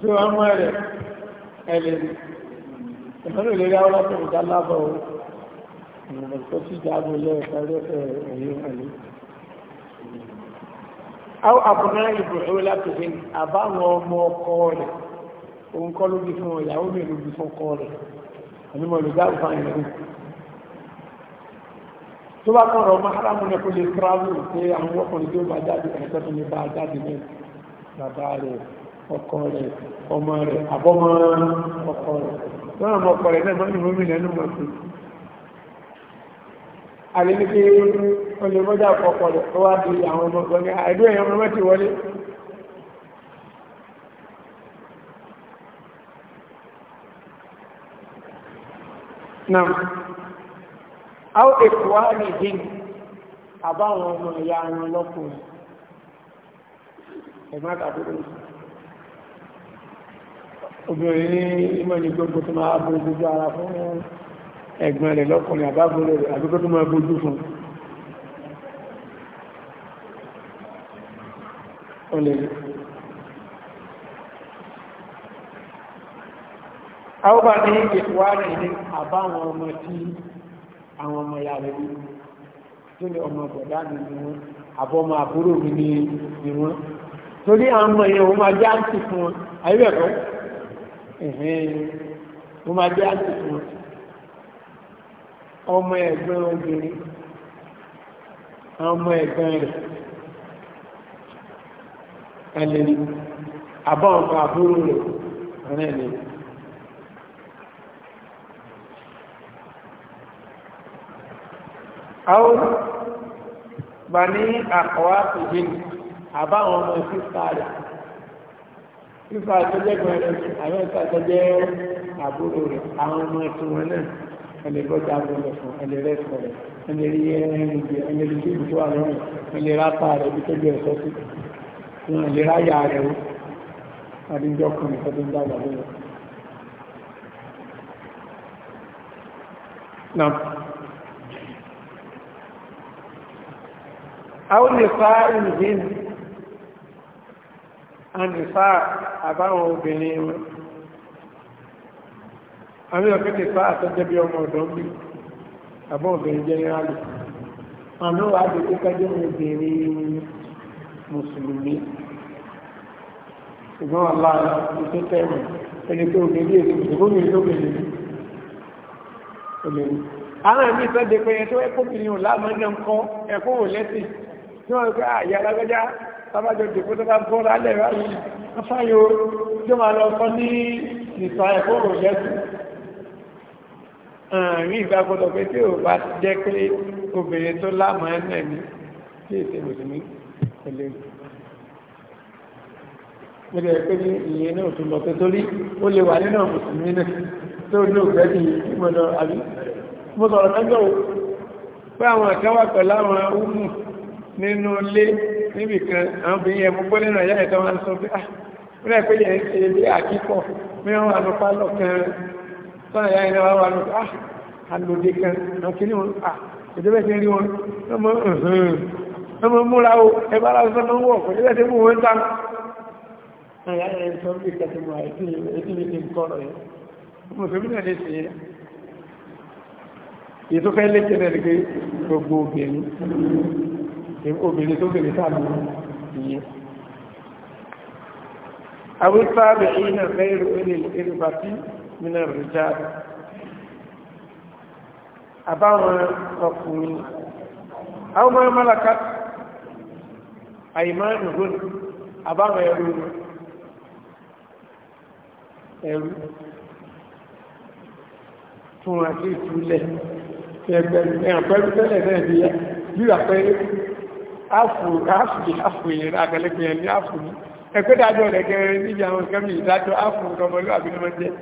tó àmọ́ rẹ̀ ẹ̀lẹ́ ìmọ̀ni lè rí àwọn ọlọ́pẹ̀rẹ̀ dá lábọ̀ ọ̀rọ̀ ìmọ̀ni tó sì jágbó lẹ́ẹ̀kọ́ ẹ̀yìn ẹ̀lẹ́ àwọn àbùnà ìbùrù látòfẹ́ àbáwọn ọmọ ọkọ rẹ̀ òun kọ́ ló bí fún ìyàwó mi ló bí fún ọkọ rẹ̀ onímọ̀ olùdáwò fáyìn lẹ́wọ̀n tó bá kọ̀rọ̀ maharamu ní kò lè travel pé àwọn ọkùnrin tó bá jáde ẹ̀kọ́ tó ní o jáde ní bàbá rẹ̀ ọkọ rẹ̀ ọmọ rẹ̀ àbọ́mọ ọkọ rẹ̀ lọ́nà ọmọ ọkọ rẹ̀ náà mọ́ àbí ní kí olùmọ́jà pọ̀pọ̀ rẹ̀ tó wá di àwọn ọmọ ni àìdú ẹ̀yàn ọmọ ti wọlé. nam àwọn èkó wá ní ìdín àbáwọn ọmọ ìyá wọn lọ́kùnrin ẹ̀gbọ́n obìnrin ní ìmọ̀ ní gbogbo tó máa gbogbo ara fún wọn. ẹ̀gbọ́n rẹ̀ lọ́kùnrin àbábúrò rẹ̀ àbíkó tó máa gbójú fún olè àwọ́bà ní ìpẹ̀kùwà rẹ̀ ní àbáwọn ọmọ tí àwọn ọmọ ìyá rẹ̀ tó ní ọmọ bọ̀dá mi ni wọ́n àbọ́mọ àbúrò mi ni wọ́n torí àwọn ọmọ yẹn ọmọ ẹ̀gbọ́n obìnrin ọmọ ẹ̀gbọ́n rẹ̀ ẹlẹ́ni àbọ̀ ọmọ àbúrò rẹ̀ ọ̀rẹ́ ẹ̀lẹ́ni àwọn bà ní àkọwà ìgbìn àbáwọn ọmọ sísá rẹ̀ sísá tó jẹ́ gbẹ̀rẹ̀ àwọn ìsàtọ́jẹ́ àbúrò rẹ̀ àwọn ọmọ ẹ̀tùwọ̀n náà ẹni bọ́jà bọ́lẹ̀ fún ẹni rẹ́sọ̀ rẹ̀ ẹni rí ẹni jẹ ẹni rí sí ìbùtọ́ àlọ́rùn ẹni rápá rẹ̀ bí tó jẹ́ ẹ̀sọ́ sí wọn lè ráyà rẹ̀ ó adíjọ́ kan nìkan tó ń dàgbà lọ́wọ́. Nam. Àwọn lè fa àmì ọ̀kẹ́ ti fa àtọ́jẹ́ bí ọmọ ọ̀dọ́ bí àbọ̀ obìnrin jẹ́nẹ́rálì àmì wàá di kíkájọ́ obìnrin mùsùlùmí ṣùgbọ́n aláàrá ìṣe tẹ́ẹ̀mù ẹni tó obìnrin èdè ìṣògbómi lóbìnrin obìnrin àwọn ẹ̀mí ìfẹ́ de pé ẹ̀tọ́ ẹ̀kọ́bìnrin ò lámọ́jẹ́ ń kọ́ ẹ̀kọ́ ò lẹ́sìn tí wọ́n pẹ́ àyà alágbẹ́já sábàjọ dìbò tó bá bọ́ lálẹ́ ráyìí afáyò tí wọ́n lọ sọ ní ìsọ ẹ̀kọ́ ò lẹ́sìn àrí ìgbàgbọ́dọ̀ pé tí ò bá jẹ́ pé obìnrin tó lámọ̀ ẹ̀nà ní tí èsè mùsùlùmí pẹ̀lú mo lè pé ní ìyẹn náà tún lọ pé torí ó lè wà nínú mùsùlùmí náà tó ní òfẹ́ ní ìmọ̀nà àbí mo sọ̀rọ̀ lọ́jọ́ pé àwọn àkáwà pẹ̀lú àwọn ọmọ nínú ilé níbì kan àwọn obìnrin ẹ̀mú gbọ́ nínú ẹ̀yà ẹ̀tọ́ wọn sọ pé ah mo lè pé yẹn ń ṣe ilé tọ́nà ìyá ìrìn àwọn àwọn ah alòdì kan àti ní wọn ah ìdẹ́bẹ̀ ti rí wọn ọmọ múra o ẹbá aláwọ̀ sọ́nà wọ̀ kò ìdẹ́bẹ̀ ti mú wọn tán ìyá ìrìn sọ bí kẹtì mọ́ àìsí ètí ní nǹkan rẹ̀ mùsùlùmí náà lè ṣe ètò fẹ́ lé kẹ́lẹ̀ rí pé gbogbo obìnrin obìnrin tó bèrè sáà lórí ìyẹn àwọn ìfàbẹ̀ yìí náà fẹ́ ìrù mínà rìjà àbáwọn ọkùnrin àwọn ọmọ mọ́làká àyìmọ́ ìhún àbáwọn ẹrú ẹrú fún àti ìtúlẹ̀ ẹ̀yàn pẹ̀lú tẹ́lẹ̀ náà bí bí àpẹẹrẹ áfù áfù ìrìn àgbẹ̀lẹ́gbẹ̀ẹ́ ní áfù ní ẹgbẹ́dájọ́ rẹ̀ gẹ́rẹ́ níbi àwọn kẹ́mì ìdájọ́ áfù ọmọlúwàbí ni wọ́n jẹ́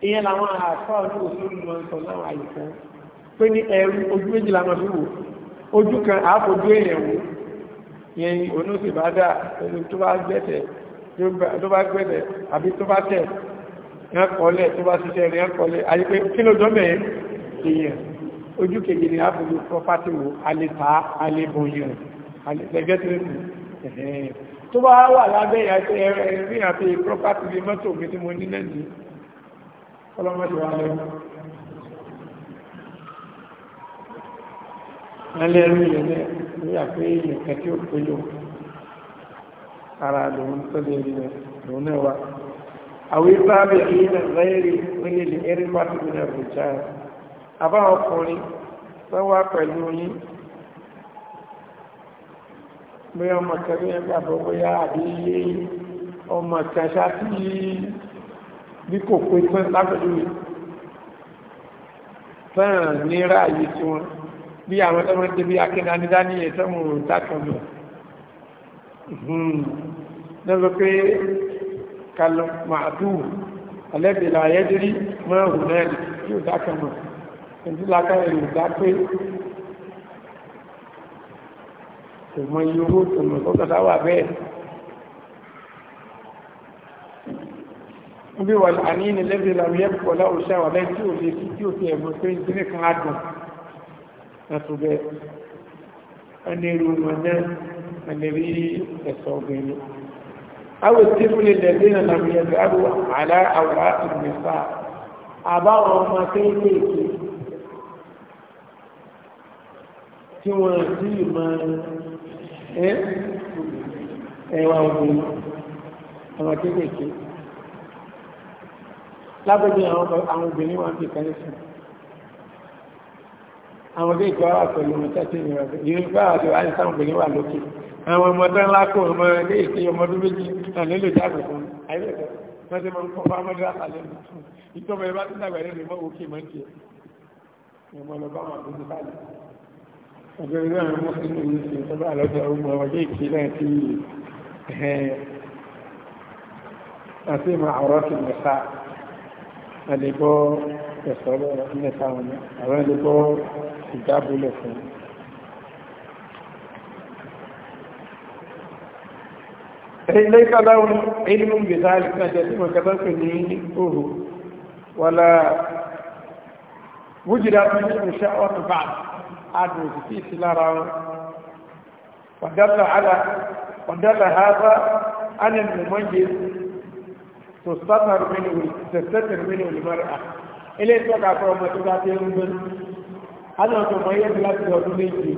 ìyẹn làwọn àfáà ní òṣèlú wọn sọ láwọn àyíká pé ní ẹrú ojú méjì làwọn fi wò ojú kan àáfojú èèyàn wò yẹn onóṣì bá dà ẹni tó bá gbẹ̀tẹ̀ tó bá gbẹ̀tẹ̀ àbí tó bá tẹ̀ yẹn kọ́lẹ̀ tó bá ṣiṣẹ́ rẹ̀ yẹn kọ́lẹ̀ àyè pé kí ló jọ́ mẹ́rin èèyàn ojú kejì ni àáfojú pọ́pátì wò alẹ́ta alẹ́bọ̀yàn alẹ́gbẹ̀tẹ̀rẹ̀ tó bá wà lábẹ́ ẹ̀rí àti property bí mọ́tò mi tí mo ní lẹ́yìn ọlọ́mọdé wà lẹ́nu alẹ́ ẹ̀rú ilẹ̀ náà ló yà pé ilẹ̀ kẹtí ó pé lò ara lòun tó lè rí lòun náà wá àwọn ibà bẹ̀ kí ní rẹ́ẹ̀rì wọlé lè ẹ̀rí pàtó ní àbújá àbáwọn ọkùnrin tó wá pẹ̀lú yín bóyá ọmọ kẹrin ẹgbàgbọ́ bóyá àbí ọmọ kẹsà tí bí kò pé tán lápẹjúwe fẹ́ràn ní ráàyè tí wọn bí àwọn tó máa ń débi akíndanidá hmm. ní ẹ̀ tọ́mù dákànnà lọ́sọ pé kalọ̀ màdù alẹ́bìlà ayẹ́dírí máa hù náà yóò dákànnà ẹ̀dí lákàrẹ̀ yóò dá pé kò mọ iye owó tòmọ̀ tó kàtà wà bẹ́ẹ̀ bí wà ní ní lẹ́bí làwọn yẹ́ pọ̀ láwọ̀ ṣáwà lẹ́yìn tí ò lè kí tí ò fi ẹ̀bùn pé ìdílé kan á dùn látúbẹ̀ ẹni rú wọn náà ẹni rí ẹ̀sọ́ awò tí fún ilẹ̀ bí nà làwọn yẹ́ lábẹ́gbẹ́ àwọn obìnrin wọn ti kẹ́lẹ́ sí àwọn ilé ìjọ wà pẹ̀lú ọmọ tẹ́tí ìrìn àjò ìrìn bá àjò àyè sáwọn obìnrin wà lókè àwọn ọmọ tẹ́ ńlá kó ọmọ ilé ìṣe ọmọ ọdún méjì náà nílò jáde fún ayé ẹ̀kọ́ wọ́n ti máa ń kọ́ bá ọmọdé àtàlẹ́ nìkan ìjọba ẹ bá ti dàgbà ẹ̀rẹ́ lè mọ́ òkè mọ́ ìkẹ́ ọmọ ọlọ́ba wọn àti ìdíkàlẹ̀ ọjọ́ ilé àwọn ọmọ sínú ìlú ìṣe ìjọba àlọ́jà ọmọ ọjọ́ mẹ́ta ẹlẹ́gbọ́ ẹ̀sọ́rọ̀ mẹ́ta wọn àwọn ẹlẹ́gbọ́ ìdábòlẹ̀ fún ilé kọ́láwọn ilé gbèsà àìsínájẹ́ tí wọ́n kẹta pè ní òru wọ́lá wújìdá fún ìṣẹ́ ọ̀tún bá adùn òsìsí sí lára wọn wàdálà hádá ánìyàn mọ́jẹ́ tòsítàtàrù mínú tòsítàtàrù mínú olùmọ́ra ilé ìtọ́ka fún ọmọ tó bá ti ń gbé ánà tó mọ iye láti ọdún méjì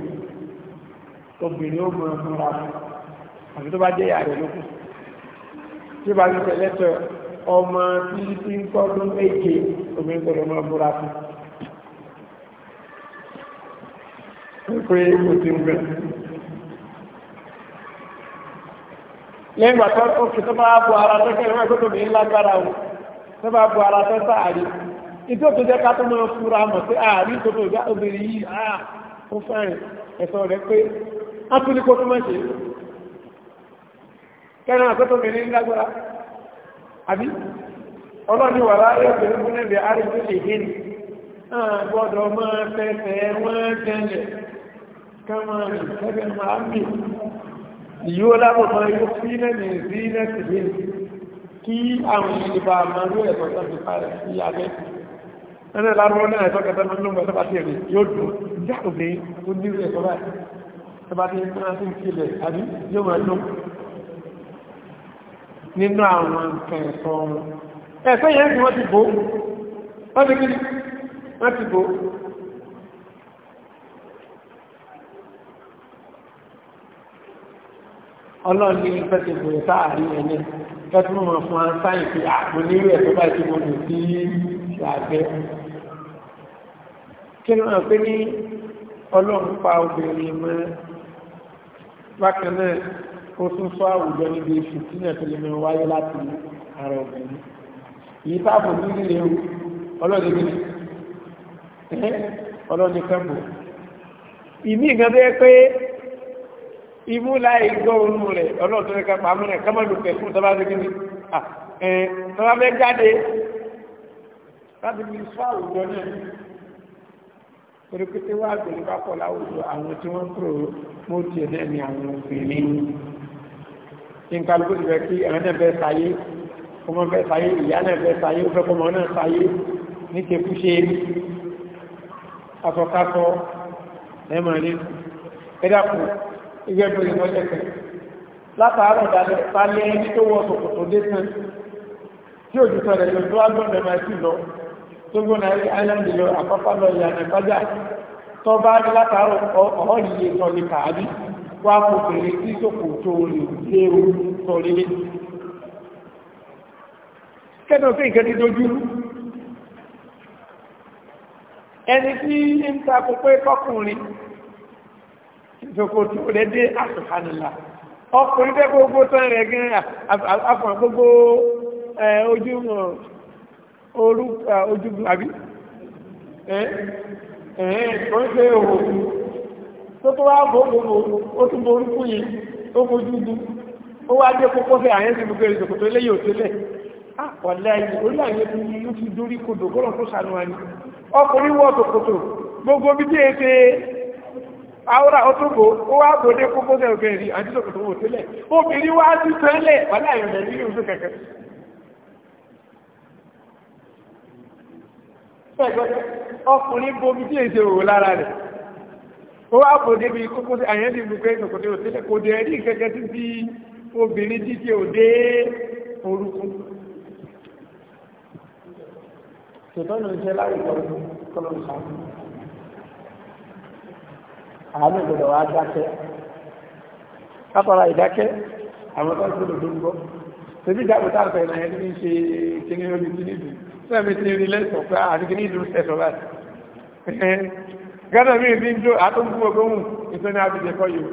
obìnrin ó mọ ọmọra àti tó bá jẹ́ ìyá rẹ̀ lókù tí bá ti tẹ̀lé tọ ọmọ tí ti ń kọ́dún méje obìnrin gbọ́dọ̀ mọ ọmọra fún pé o ti ń bẹ̀rẹ̀ lẹ́yìn àtọ́ òkè tó bá bu ara tó kẹ́rin wọ́n ní lágbára o tó bá bu ara tó sáàrí ìdí òtò jẹ́ ká tó máa fura mọ̀ sí ààrí ìtòtò ìgbà obìnrin yìí á ó fẹ́ràn ẹ̀sọ́ rẹ̀ pé á tún ní kó tó máa ṣe kẹ́rin àtọ́ tó ní lágbára àbí ọlọ́ni wà láyé fún ìyíwó lábọ̀mọ́ yóò fi nẹ́ni sí nẹ́sì lé kí àwọn ìlúbà máa ló ẹ̀kọ́ tó fi parẹ́ sí abẹ́ ẹ̀rẹ́ lárúbọ́ náà ẹ̀kọ́ kẹta máa ń lóun ẹ̀kọ́ pàtẹ́ rẹ̀ yóò dùn ìjà òbí ó nílò ẹ̀kọ́ báyìí tó bá ti ń tán sí ìkìlẹ̀ àbí yóò ọlọ́run ní pẹ́tẹ́ bòrò sáàrí ẹni pẹ́tẹ́ mọ̀ fún ansáyìn pé àpò nílé ẹ̀tọ́ bá ti mọ̀ sí ṣàgbẹ́ kí ni wọ́n pé ní ọlọ́run pa obìnrin mọ́ bákan náà ó tún sọ àwùjọ níbi oṣù tí náà tẹ̀lé mọ́ wáyé láti ara obìnrin yìí táàbù nílé ewu ọlọ́run ní ọlọ́run ní kẹ́bù ìmí ìgbà bẹ́ẹ̀ pé ìmúlá ìgbọ́ òun rẹ̀ ọlọ́ọ̀tún ní kápá àmúnà kámọ́lù pẹ̀fún tọ́ba ti kíni tọ́ba fẹ́ jáde láti fi sọ àwùjọ náà pèrèkété wá àgbèrè bá pọ̀ láwùjọ àwọn tí wọ́n kúrò mọ́tì ẹ̀dẹ́ ni àwọn obìnrin ní nǹkan ló ti fẹ́ kí ẹ̀rọ náà fẹ́ sáyé ọmọ fẹ́ sáyé ìyá náà fẹ́ sáyé ó fẹ́ kọ́ ọmọ náà sáyé ní tekúṣe asọ̀kásọ ẹ̀mọ̀ ní ẹ̀dàkùn ìyẹ́ bẹ̀rẹ̀ mọ́jẹ́ kan látàárọ̀ dalẹ̀ palẹ̀ ẹni tó wọ́ sòkòtò dé tí òjò sọ̀rọ̀ lọ tó agbọ́nbẹ̀ máa sì lọ tó gbọ́n náà lọ lọ ìyànà ìbájá tó bá ní látàárọ̀ ọ̀họ́ ìyẹ ìṣòkòtò rẹ̀ dé àṣùhánilá ọkùnrin tẹ́ gbogbo tán rẹ̀ afọ̀n ah, ah, ah, gbogbo ojúmọ̀ orúkà ojúmọ̀ àbí ẹ̀ẹ́ tó ń ṣe òwò tó tó wá gbogbo ó tún yìí ó ó wá fẹ́ àyẹ́ sí gbogbo àpọ̀lẹ́ orí àyẹ́ dórí kodò kọ́lọ̀ tó ṣàánú wa ni ọkùnrin wọ́ tòkòtò gbogbo àwòrán ó tún bò ó wá bò dé kókó sẹ́ òkè rí àti sọ̀kò tó wò sílẹ̀ obìnrin wá sí sẹ́lẹ̀ wà láàyò rẹ̀ nínú ìlú kẹ̀kẹ́. ọkùnrin bomi tí èsè òwò lára rẹ̀ ó wá bò dé bí kókó sẹ́ àyẹ̀ ti gbùgbé sọ̀kò tó wò sílẹ̀ kò dé rí kẹ̀kẹ́ sí ti obìnrin títí òde orúkú. ṣètọ́nù iṣẹ́ láwùjọ àánú gbọdọ̀ wá dákẹ́ kápára ìdákẹ́ àwọn tó ń gbọdọ̀ tó ń gbọ́ tẹbí ìjábọ̀ tá àpẹẹrẹ ẹni ní ṣe kíní orí kíní ìdù sẹ́mi ti rí lẹ́sọ̀ pé àti kíní ìdù sẹ́sọ̀ báyìí gánà mi ní jó àtúnkù ogóhùn ìsọ́ni àbìjẹ kọ́ yìí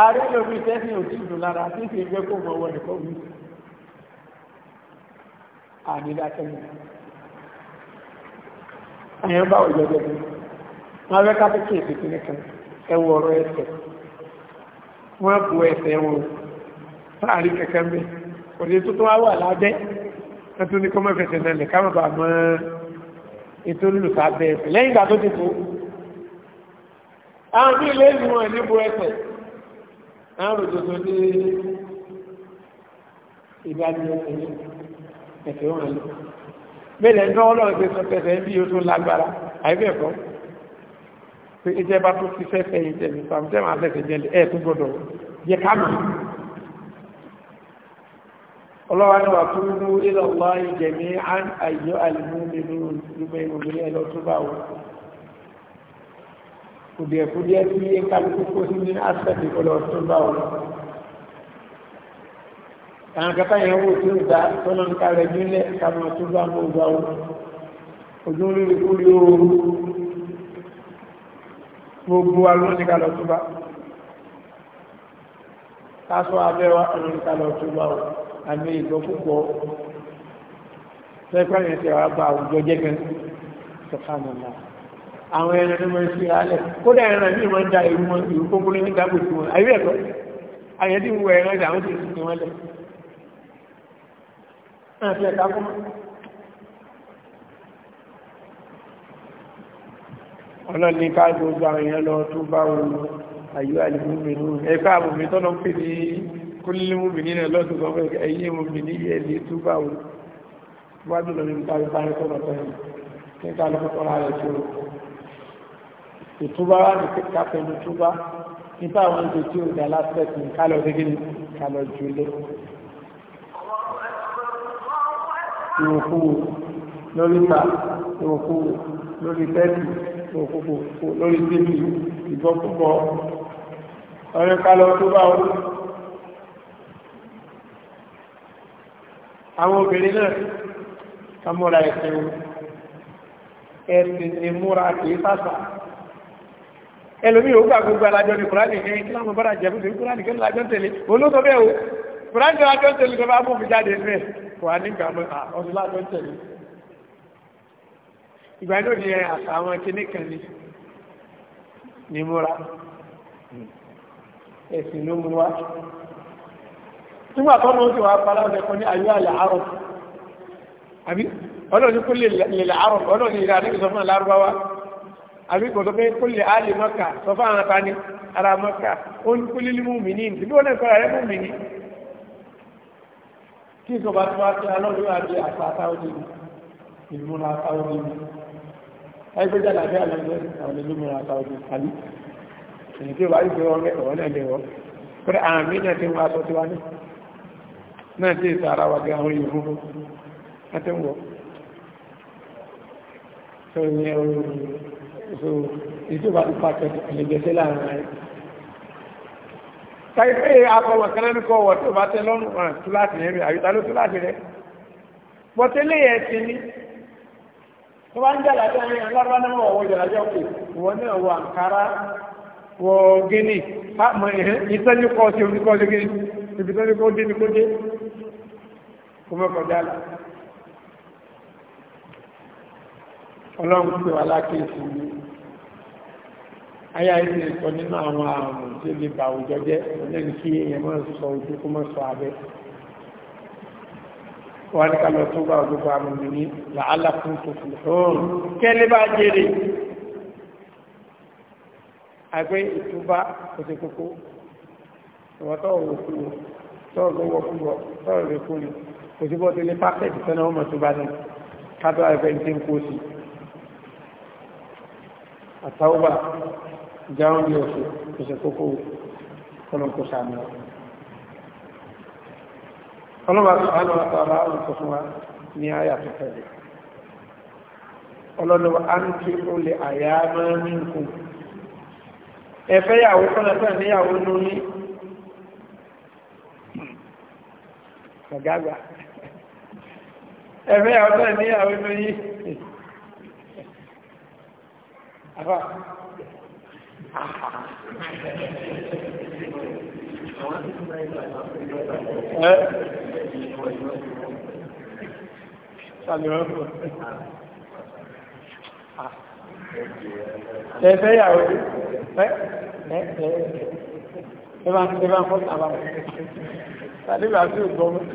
ààrẹ lómi tẹ́sìn òtí ìdù lára tí kì í wọn fẹ́ ká fẹ́kì èsì nìkan ẹwọ ọ̀rọ̀ ẹsẹ̀ wọn bu ẹsẹ̀ wọn láàrin kẹ̀kẹ́ mbẹ òde tó tó wá wà lábẹ́ ẹtù ní kọ́mọ́ fẹsẹ̀ náà lè káwọn bá mọ́ ètò lílù sábẹ́ ẹsẹ̀ lẹ́yìn ìgbà tó ti fò àwọn bí ilé ìlú wọn ní bu ẹsẹ̀ àwọn òdodo ní ìdánilẹ̀ ẹsẹ̀ wọn lọ bẹ́ẹ̀ lẹ́nu ọlọ́run ti sọ pẹ̀sẹ̀ ń bí yóò tún lágbára àyẹ̀bẹ̀ kan pé ẹjẹ́ bá tó fi fẹ́fẹ́ yìí tẹ̀lé sàmùtẹ́ máa fẹ́fẹ́ jẹ́lẹ̀ ẹ̀ tó gbọ́dọ̀ yẹ ká mọ̀. ọlọ́wà ni wà tó ń mú ilẹ̀ ọ̀la ìjẹ̀mí án àyọ àlùmú nínú ìgbẹ́ ìmọ̀lẹ́ ẹ̀ lọ tó bá wọ. kùdìẹ̀kùdìẹ̀ tí ẹ kálukú kó sí ní aspect gbogbo alóníkà lọ tó bá kásọ abẹ́wà alóníkà lọ tó bá o àmì ìgbọ́ púpọ̀ fẹ́ẹ́fẹ́ yẹn ti wàá gba àwùjọ jẹ́ kan sọ̀kánàlá àwọn ẹran ní wọ́n fi alẹ̀ kódà ẹran ní wọ́n da ìrú wọn ìrú kókólé ní dáàbò tí wọn ayé ẹ̀kọ́ àyẹ̀dí wọ ẹran ìdáwọn tí wọn lẹ̀ ọlọ́ni ká gbogbo àwọn èèyàn lọ tó bá wọn àyú àlìmúbìnú ẹ̀ka àmùmí tọ́nà ń pè ní kúlílímúbìnú náà lọ́dún kan fẹ́ ẹ̀yìn múbìnú yẹ lè tó bá wọn wá dùn lórí nípa ìpa rẹ̀ tọ́nà tọ́nà nípa lọ́kọ̀tọ́ rẹ̀ tó ìtúbá wà ní kíkà pẹ̀lú túbá nípa àwọn ètò tí ó dà lásẹ̀tì kálọ̀ gẹ́gẹ́ ní kálọ̀ jùlọ ìrùkú lórí ta òkú lórí tẹ́lì òkú lórí tẹ́lì ìbọn púpọ̀ ọ̀rẹ́ kálọ tó bá wọn àwọn obìnrin náà kàmọ́ra ẹ̀sìn ẹ̀sìn ni múra kìí sàṣà ẹlòmí ò gbà gbogbo alájọ́ ní kùránì ní ìkìlámù bára jẹ́bù sí kùránì kí lájọ́ tẹ̀lé olóòtọ́ bẹ́ẹ̀ o kùránì lájọ́ tẹ̀lé tó bá mú fi jáde fẹ́ kò á ní gbàmọ́ ọdún lájọ́ tẹ̀lé ìgbàlódé àtàwọn kíní kan ní ní múra ẹ̀sìn ló mú wá nígbà tó mọ́ sí wà paláwọ̀ ẹ̀kọ́ ní ayé àlẹ́ àárọ̀ àbí ọlọ́ni kó lè àárọ̀ ọlọ́ni ìrà àdébì sọ fún àlárúbáwá àbí kò tó pé kó lè àlè mọ́kà sọ fún àwọn atani ara mọ́kà ó ní kó lílí múmi ní ìdí bí wọ́n rẹ̀ múmi ní kí ìjọba tó wá sí alọ́dún àti àtàtà òdìbí ìlú náà àtàwọn òdìbí ẹgbẹ́jà làbẹ́ àlọ́gbẹ́ àwọn olómìnira àtàwọn ìkàlí èyí tí ó bá ìgbé wọn lẹ́kọ̀ọ́ náà lè wọ́n pẹ̀lú àmì náà tí wọ́n aṣọ tí wá ní náà tí ìta ara wà gẹ àwọn èèyàn fún fún láti ń wọ́ tó ní ẹ̀rọ èyí tí ó bá ti pa kẹ ẹ̀lẹ́gbẹ́sẹ́ láàrin ayé tàìpé akọ̀wọ̀ kan ní kọ̀wọ̀ tó bá tẹ lọ́rùn rẹ̀ àyíká ló ti ní tó bá ń jàlájá ní ọlọ́rọ̀ náà wọ̀ jàlájá òkè wọ́n náà wọ àǹkárá wọ gíní àmọ́ ìtẹ́jú kọ́ sí orí kọ́ sí gíní ibi tẹ́jú kó dé ní kó dé kó mẹ́kọ̀ jálá ọlọ́run pè wá lákèésí ní ayé àìsí ìsọ nínú àwọn àrùn tí ó lè bà àwùjọ jẹ́ ọlẹ́ni kí èèyàn máa sọ ojú kó má sọ abẹ́ wọ́n ní kálọ̀ tó bá gbogbo àmì ní làálà fún tòfin hóòrùn kẹ́lẹ́ bá jèrè àgbẹ̀ ìtúbá òṣè kókó ìwọ́n tó wọ̀ fún wọn tó lówó fún wọn tó rẹ̀ fún ni kò sí bọ́ tẹ́lẹ̀ pákẹ́tì tẹ́lẹ̀ ọmọ tó bá náà kátó ọlọ́wà sọ́hánà àtàrà àwọn tó fún wa ní àyà tó tẹ̀lé ọlọ́lọ́wà á ń tí ó lè àyà máa ní nǹkan ẹ̀fẹ́ yàwó kọ́nà tẹ̀ níyàwó lórí ọ̀gágbà ẹ̀fẹ́ yàwó tẹ̀ níyàwó lórí àbá Thank you. Ẹ̀fẹ́ ìyàwó ẹ́ ẹ́ ẹ́ bá ń fọ́ tàbá mọ́. Tàbí bá sí ògbọ́n mọ́.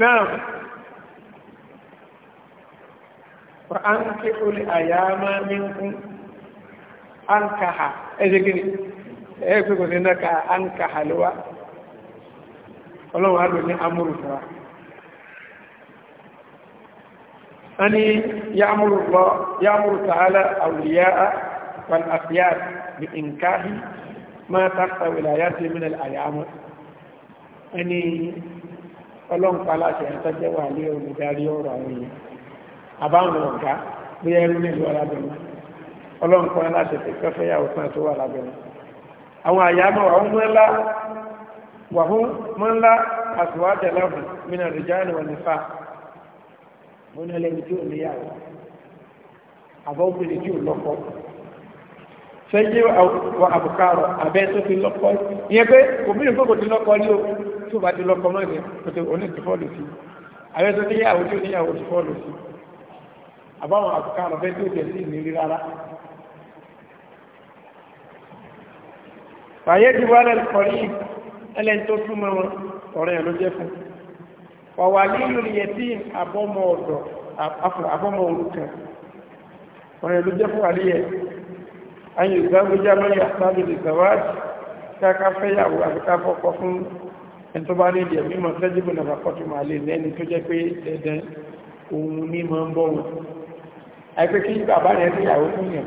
Náà, wà á ń kí olè àyà máa ní ń kún, á ń kàhà, ẹ́ ẹ pé kò sí náà à ń ka àlúwà ọlọ́run àlò ní amúrù fún wa a ní yàmúrù tààlà àwùyá wal afiyar bí nkáhi máa tàkà wìlàyà tí mìnà àyàmú a ní ọlọ́run paláṣẹ ẹ̀tọ́jẹ́ wà lé olùdarí ọ̀rọ̀ àwọn èèyàn àbáwọn ọ̀gá bí ẹrú àwọn àyàmọ̀ àwọn mọ́lá wà fún mọ́lá àtìwádẹ̀ lábùn mínà rìjáàlì wà nífà mo ní ẹlẹ́ni tí ò níyàwó àbọ̀bìnrin tí ò lọ́kọ fẹ́jẹ́ wà àbùkárọ̀ abẹ́ tó fi lọ́kọ ìyẹn pé òmìnir tó kò ti lọ́kọ ní o tí ò bá ti lọ́kọ náà yẹn kò tó fàyè wa wá lẹ́nu kọ̀rí ẹlẹ́ni tó súnmọ́ wọn ọ̀rẹ́ ẹ̀ ló jẹ́ fún ọ̀wà nínú ìyẹ̀tí àbọ́mọ ọ̀dọ̀ àbọ́mọ òrukàn ọ̀rẹ́ ẹ̀ ló jẹ́ fún àríyẹ ayé ìgbàgbéjà lọ́yà sábìlì zawájì káká fẹ́yàwó àbíká fọ́kọ fún ẹni tó bá ní ìdí ẹ̀mí mọ̀ sẹ́jìbò nàbà kọ́tù máa lè lẹ́ni tó jẹ́ pé dandan òun ní máa ń bọ̀ wọn àìpé kí bàbá yẹn níyàwó fún yàn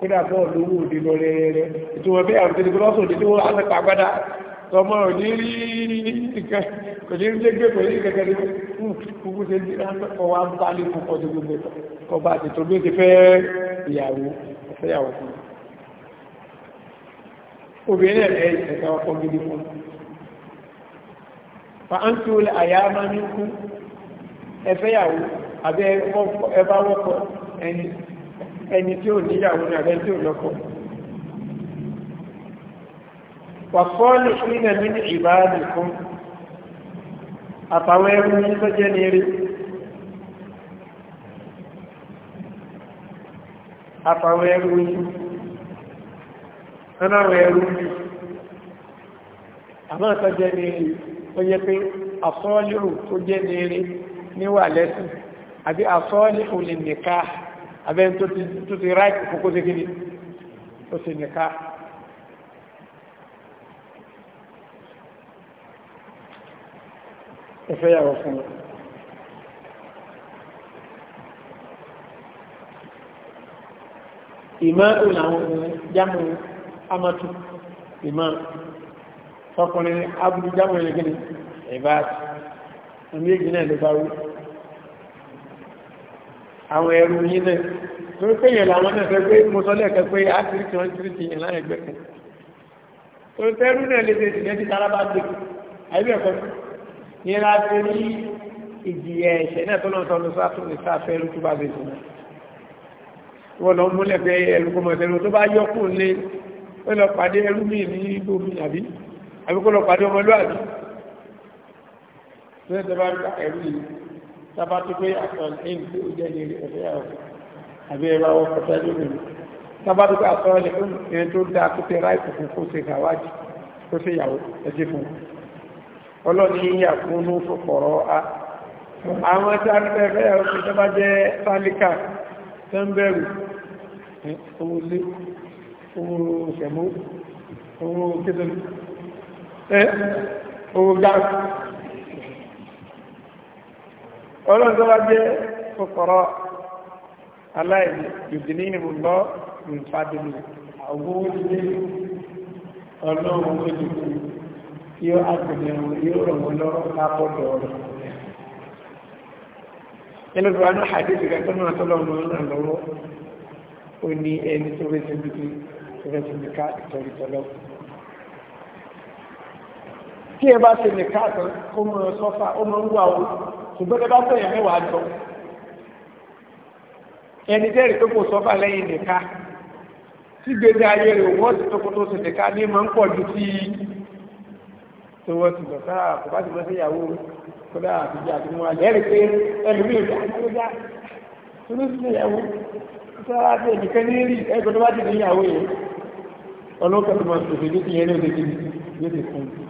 kódà bọ́ lówó òde lọ rẹ̀rẹ̀rẹ̀ ìtumọ̀ bẹ́ẹ̀ àwọn tẹ̀lé gbọ́dọ̀ sọ̀dẹ̀ tí wọ́n á lẹ́pàá gbádá tọmọ òní rí nìkan kò ní rí lẹ́gbẹ́ pẹ̀lú ìkẹ̀kẹ́ ní kúkú ṣe ní ọwọ́ abúlé púpọ̀ tó gbogbo ẹ̀kọ́ kọba àti tó ló ti fẹ́ ìyàwó fẹ́yàwó fún obìnrin ẹ̀ ẹ̀ka ọkọ̀ gidi fún fa ń tó àyà máa ń kú ẹfẹ́yàwó àbẹ́ ẹbá wọ́pọ̀ ẹni ẹni tí ó níyàwó ní àbẹ́ tí ó lọ́kọ wàkọ́ọ̀lù ìrìnà ní ìbáàdì fún àtàwọn ẹrù ní tó jẹ́ ní eré àtàwọn ẹrù ní ẹnáwọ̀ ẹrù ní tó jẹ́ pé àsọ́ọ̀lù tó jẹ́ ní eré níwà lẹ́sìn àbí àsọ́ọ̀lù olè nìkáà abẹ́ni tó ti tó ti ráìtì kókó sí kí ni ó sì nìka. ẹ fẹ́ yàwó fún mi. ìmọ̀ ìlànà jámù amatu ìmọ̀ tọkùnrin abúlé jámù ẹ̀yẹ́gẹ́ni ẹ̀bá àti ọmọ ìgbìnà ìlú bá wú àwọn ẹrù yín náà torí pé yẹn làwọn náà fẹ́ pé mo sọ lẹ́ẹ̀kan pé á tìrì tí wọ́n tìrì tì yẹn láyé ẹgbẹ́ kan torí tẹ́rù náà lè tètè lẹ́tì tára bá gbé àyẹ̀bẹ̀ kan yẹn la fi rí ìjìyà ẹ̀ṣẹ̀ náà tó náà sọ lọ sáfún ní sáfẹ́ ẹrú sábà tó pé àtọ̀lẹ́yìn tó jẹ́ ní ẹ̀fẹ́ àwọn àbí ẹ̀rọ àwọn kọ̀tà lónìí sábà tó pé àtọ̀lẹ́ fún ẹni tó dáa kó tẹ ráìpù fún kó ṣe kàwájì kó ṣe ìyàwó ẹjẹ fún ọlọ́ni yíyà fún ní fọ̀rọ̀ a àwọn tí a ń fẹ́ fẹ́ ẹ̀rọ tó bá jẹ́ sálíkà tó ń owó ṣẹ̀mú owó kéde owó gáàsì ọlọ́run tó bá jẹ́ fòkọ̀rọ̀ aláìní ìdílé ìrìn lọ ìfàdínlẹ̀ àwọn olùdílé ọlọ́run olùdílé yóò agbègbè wọn yóò rọ̀ wọn lọ́rọ̀ lápọ̀dọ̀ rẹ̀ nínú tó wá ní àdéjì rẹ̀ tó náà tọ́lọ́ ọmọ ẹ bá ṣe nìkan kó mọ sọ́fà ó mọ ń wà ó ṣùgbọ́n tẹ́ bá sọ̀yàn mẹ́wàá jọ ẹni jẹ́rìí tó kò sọ́fà lẹ́yìn nìka tí gbèsè ayé rẹ̀ wọ́n ti tókò tó ṣẹ̀ṣẹ̀ ká ní máa ń pọ̀ ju tí tó wọ́n ti lọ sára kò bá ti lọ sí ìyàwó kódà àtijọ́ àti mú alẹ́ rí pé ẹlòmíràn tó ń kọjá tó ló sì ní ìyàwó tó sára sí ẹnìkan ní rí ẹgbẹ́ tó bá ti ní ìyàwó yẹn ọlọ́kẹ́ tó máa ṣòfin ní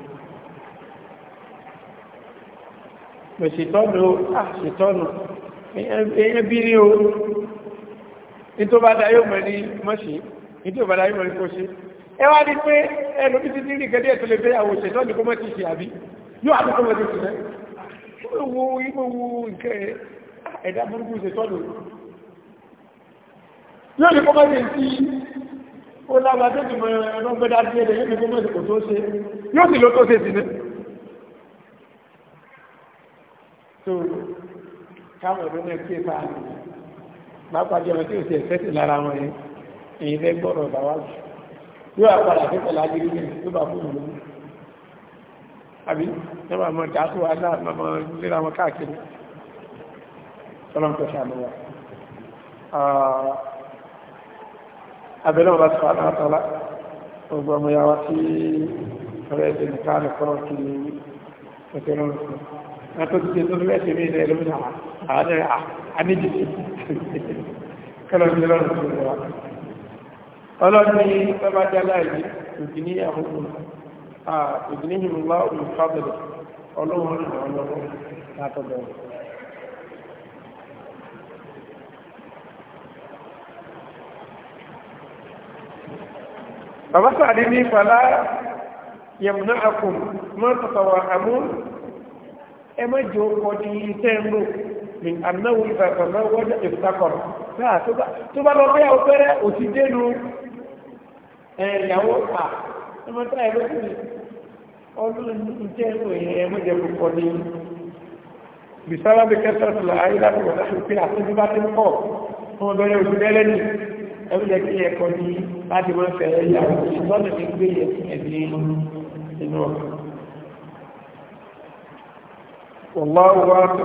pè ṣètọ́nù à ṣètọ́nù ah, ẹyẹ bí ní o ní tó bá dayé mọ̀ ní mọ́ṣí ní tó bá dayé mọ̀ ní kó ṣe ẹ wá ní pé ẹnu bí ti ní gẹ́gẹ́ tó lè fẹ́ àwọn ṣètọ́nù kó mọ́ ti ṣe àbí yóò àti kó mọ́ ti ṣe wo ibo wo nǹkan ah, ẹ̀dá burúkú ṣètọ́nù yóò ní kó mọ́ ti ṣe ó lágbàá tó ti mọ̀ ẹ̀rọ gbẹ́dá sí ẹ̀dẹ̀ yóò káwọn ìlú náà kí èsà àmì pàápàá jẹ́ ọmọ tí ò sí ẹ̀fẹ́ sí lára wọn yẹn èyí fẹ́ gbọ́dọ̀ bàwájú yóò àpàdà fífẹ́ lágiri ní ló bá fún ìlú àbí nígbà mọ̀ tí a tó wà náà mọ̀ nílá wọn káàkiri ọlọ́nkọ̀ sàmúwà ah, abẹ́lẹ́ ọba sọ àtàlá gbogbo ọmọ yàwá tí ọ̀rẹ́ ìdẹ̀nìká nìkan kiri ẹ̀kẹ́ lọ́nà àtọ́síṣe tó fẹ́ ṣe ní ilẹ̀ ìlúmínà àwọn àníjìṣẹ́ kọlọ̀mílọ́rùn tó wà ọlọ́ni bẹ́bá jẹ́ láìsí òjìní àhúgbùn òjìní ìrùlá olùfàbẹ̀lẹ̀ ọlọ́run ọlọ́run látọ̀bẹ̀ Bàbá sàdé ní ìfàlá yẹ̀mùná àkùn mọ́ tọ̀tọ̀wà àmú ẹ má jẹ́ ọkọ̀ di iṣẹ́ ń lò ní anáwó ìfàfàmọ́ wọ́dọ̀ ìfàkọ̀rọ̀ náà tó bá lọ bẹ́ẹ̀ ọpẹ́rẹ́ òsì dénú ẹ̀yàwó à ẹmọ tá ẹ̀rọ sí ọdún ìjẹ́ ìròyìn ẹmọ jẹ́ púpọ̀ ní bisáwábí kẹsàn-án lọ ayélujára wọ́n láti pé àtúntò bá ti ń pọ̀ ọmọ bẹ̀rẹ̀ òsì bẹ́lẹ̀ ní ẹmọ jẹ́ kí ẹ̀kọ́ ní láti mọ́ fẹ́ ẹ̀yàwó ìṣùgbọ́n wọ́láwọ́ wá tó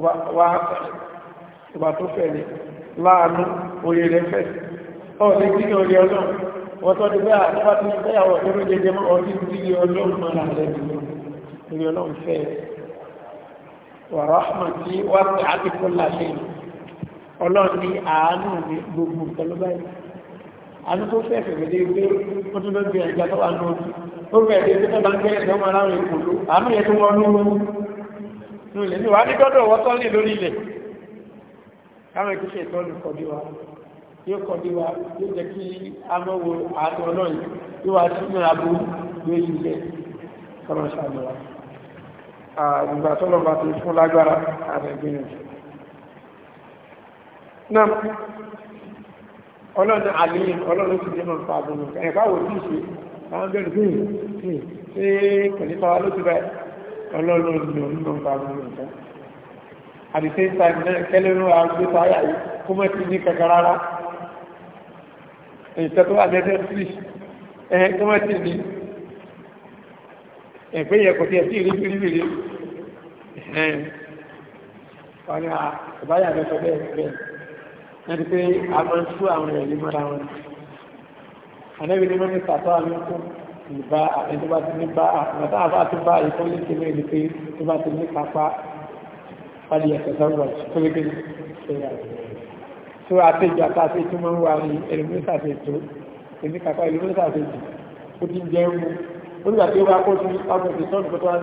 wa ọba tó láàánú oye rẹ̀ fẹ́ kí ní orí ọlọ́run wọ́n ah, tọ́ tí àti tó fẹ́ fẹ̀fẹ̀ dé pé ó tún lọ gbé ẹ̀já tó wà ní ojú ó fẹ́ dé pé tọ́ba ń gbé ẹ̀já wọn aláwọ̀ èkó ló àánú yẹn tó wọ́n lówó ní ilẹ̀ ní wàá ní gbọ́dọ̀ wọ́ tọ́lé lórí ilẹ̀ káwọn èkó ṣe ìtọ́lù kọ́bí wa yóò kọ́bí wa yóò jẹ́ kí amọ́wo àánú ọlọ́run yóò wá sí náà abú lórí ilẹ̀ kọ́nà ṣàlọ́ wa ìgbà tọ́lọ́ ti fún lágbára àrẹ̀gbìyànjú ọlọ́run àlìyìn ọlọ́run ti dé náà fàbọn nǹkan ẹ̀fà wò tí ṣe àwọn bẹ̀rù bí i ṣe kẹ̀lífà ló ti báyìí ọlọ́run ló ń lọ fàbọn nǹkan at the same time náà kẹ́lẹ́nu àgbé sáyà yìí kó mọ́ ti ní kankan rárá ìṣẹ́ tó wà lẹ́sẹ̀ sí ẹ̀ kó mọ́ ti ní ẹ̀pẹ́ yẹ kò tiẹ̀ ah, bẹ́ẹ̀ bẹ́ẹ̀ ẹni pé a máa ń tú àwọn èèyàn ní mọ́ra wọn ànábi ní mọ́ni pàtó àmì kú ìbá ẹni tó bá ti ní bá àtàtà àbá tó bá ìfọ́n ní kíní ẹni pé tó bá ti ní kápá pàdé ẹ̀sẹ̀ sọ́gbà tó lé kéde ṣe yà tó àti ìjà tá a ti tún máa ń wà ní ẹlòmínísà ti tó ẹni kápá ẹlòmínísà ti tù ó ti jẹ́ mú onígbà tí ó bá kó sí ọdún ti sọ́dún tó wá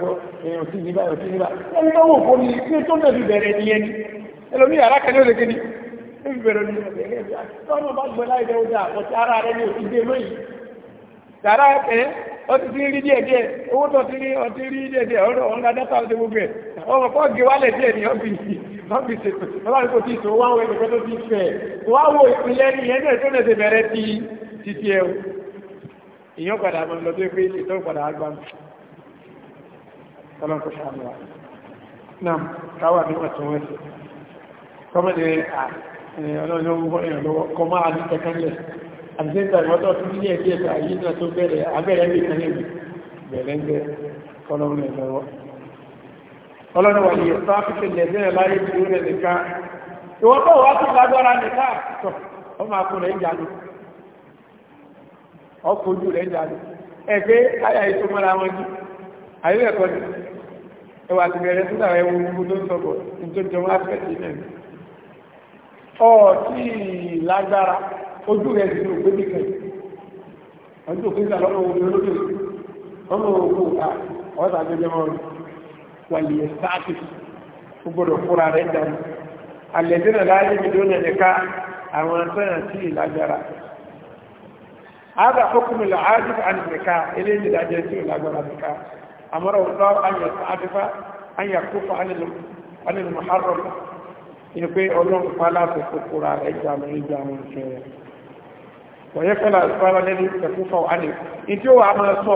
èèyàn sí níbà èèyàn sí níbà ẹni náà wò fún mi ni ẹni ẹlòmíyàrá kan ní ìbẹ̀rẹ̀ ní ọ̀bẹ̀rẹ̀ bí i tọ́nà bá gbọ́ láì dẹ́wọ́ dáa kọ̀ sí ara rẹ̀ ní òtí dé lóyìn tààrà ẹ̀ ọ ti ti rí díẹ̀ díẹ̀ owó tó ti rí ọtí rí díẹ̀ díẹ̀ ọ̀rọ̀ ọ̀nà dátà ọ̀dẹ́ gbogbo ẹ̀ ọmọ kọ́ gé wálẹ̀ díẹ̀ ní ọ́fíìsì ọ́fíìsì ọlọ́run kò tí ì tó wá wọ ẹgbẹ́ tó ti fẹ̀ náà káwà ní ọ̀tún wẹ́sì kọ́mọ̀dé ọlọ́run ó wọ́ ihe wà ní ẹ̀tọ́ áfíkẹ́ lẹ́gbẹ̀rẹ̀ láyé tí ó rẹ̀ nìka ìwọ́n tó wá sí lágbára nìka tọ̀ ọ máa kún rẹ̀ ń ọ rẹ̀ ẹgbẹ́ ọ̀tí lágbára ojú rẹ̀ sí ògbé nìkan ojú ògbé nìkan lọ́nà omi olóde lọ́nà ogun ọ̀tá ọ̀tá gẹ́gẹ́ mọ́ wàlì ẹ̀sáàtì ó gbọ́dọ̀ fúnra rẹ̀ dànù àlẹ́dínà láyé mi ló nẹ̀ nìka àwọn sẹ́yìn tí lágbára هذا حكم العاجز عن النكاح إليه إذا جاءت إلى النكاح أمره الله أن يتعاطف أن يكف عن المحرم ni pé ọlọ́run pa láti kókóra ẹja mú ẹja mú ìṣẹ́ rẹ̀ wọ̀nyẹ́ fẹ́lá ìpára lẹ́nu ìpẹ̀kúfọ̀ àlè ìdí òwò àmọ́ sọ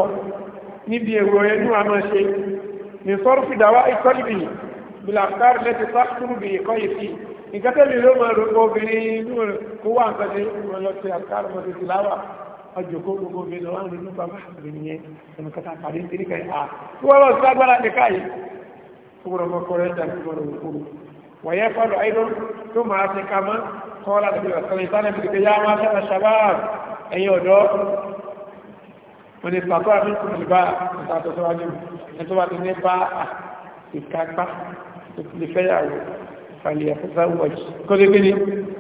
níbi èrò ẹnu àmọ́ ṣe ní sọ́rọ̀ fìdáwá ìkọ́lìbì bìlàkárì lẹ́tì sákúrú bì ìkọ́ ìfì ìkẹ́tẹ́lì ló máa rògbò obìnrin inú rẹ̀ kó wà nǹkan ṣe ọlọ́tì àkárì mọ́tò ti láwà ọjọ́ kó gbogbo obìnrin lọ́wọ́ nínú bàbá obìnrin yẹn ẹnu kẹta pàdé nítorí kẹ́ ويفعل أيضا ثم أعطي كما قال النبي صلى الله عليه وسلم يا معشر الشباب أيها الدور من استطاع منكم الباء أنتم أعطيني باء ìkápá lè fẹ́yàwó ìfàlẹ̀ àfẹ́fẹ́ wọ́jì kọ́lẹ́gbẹ́ni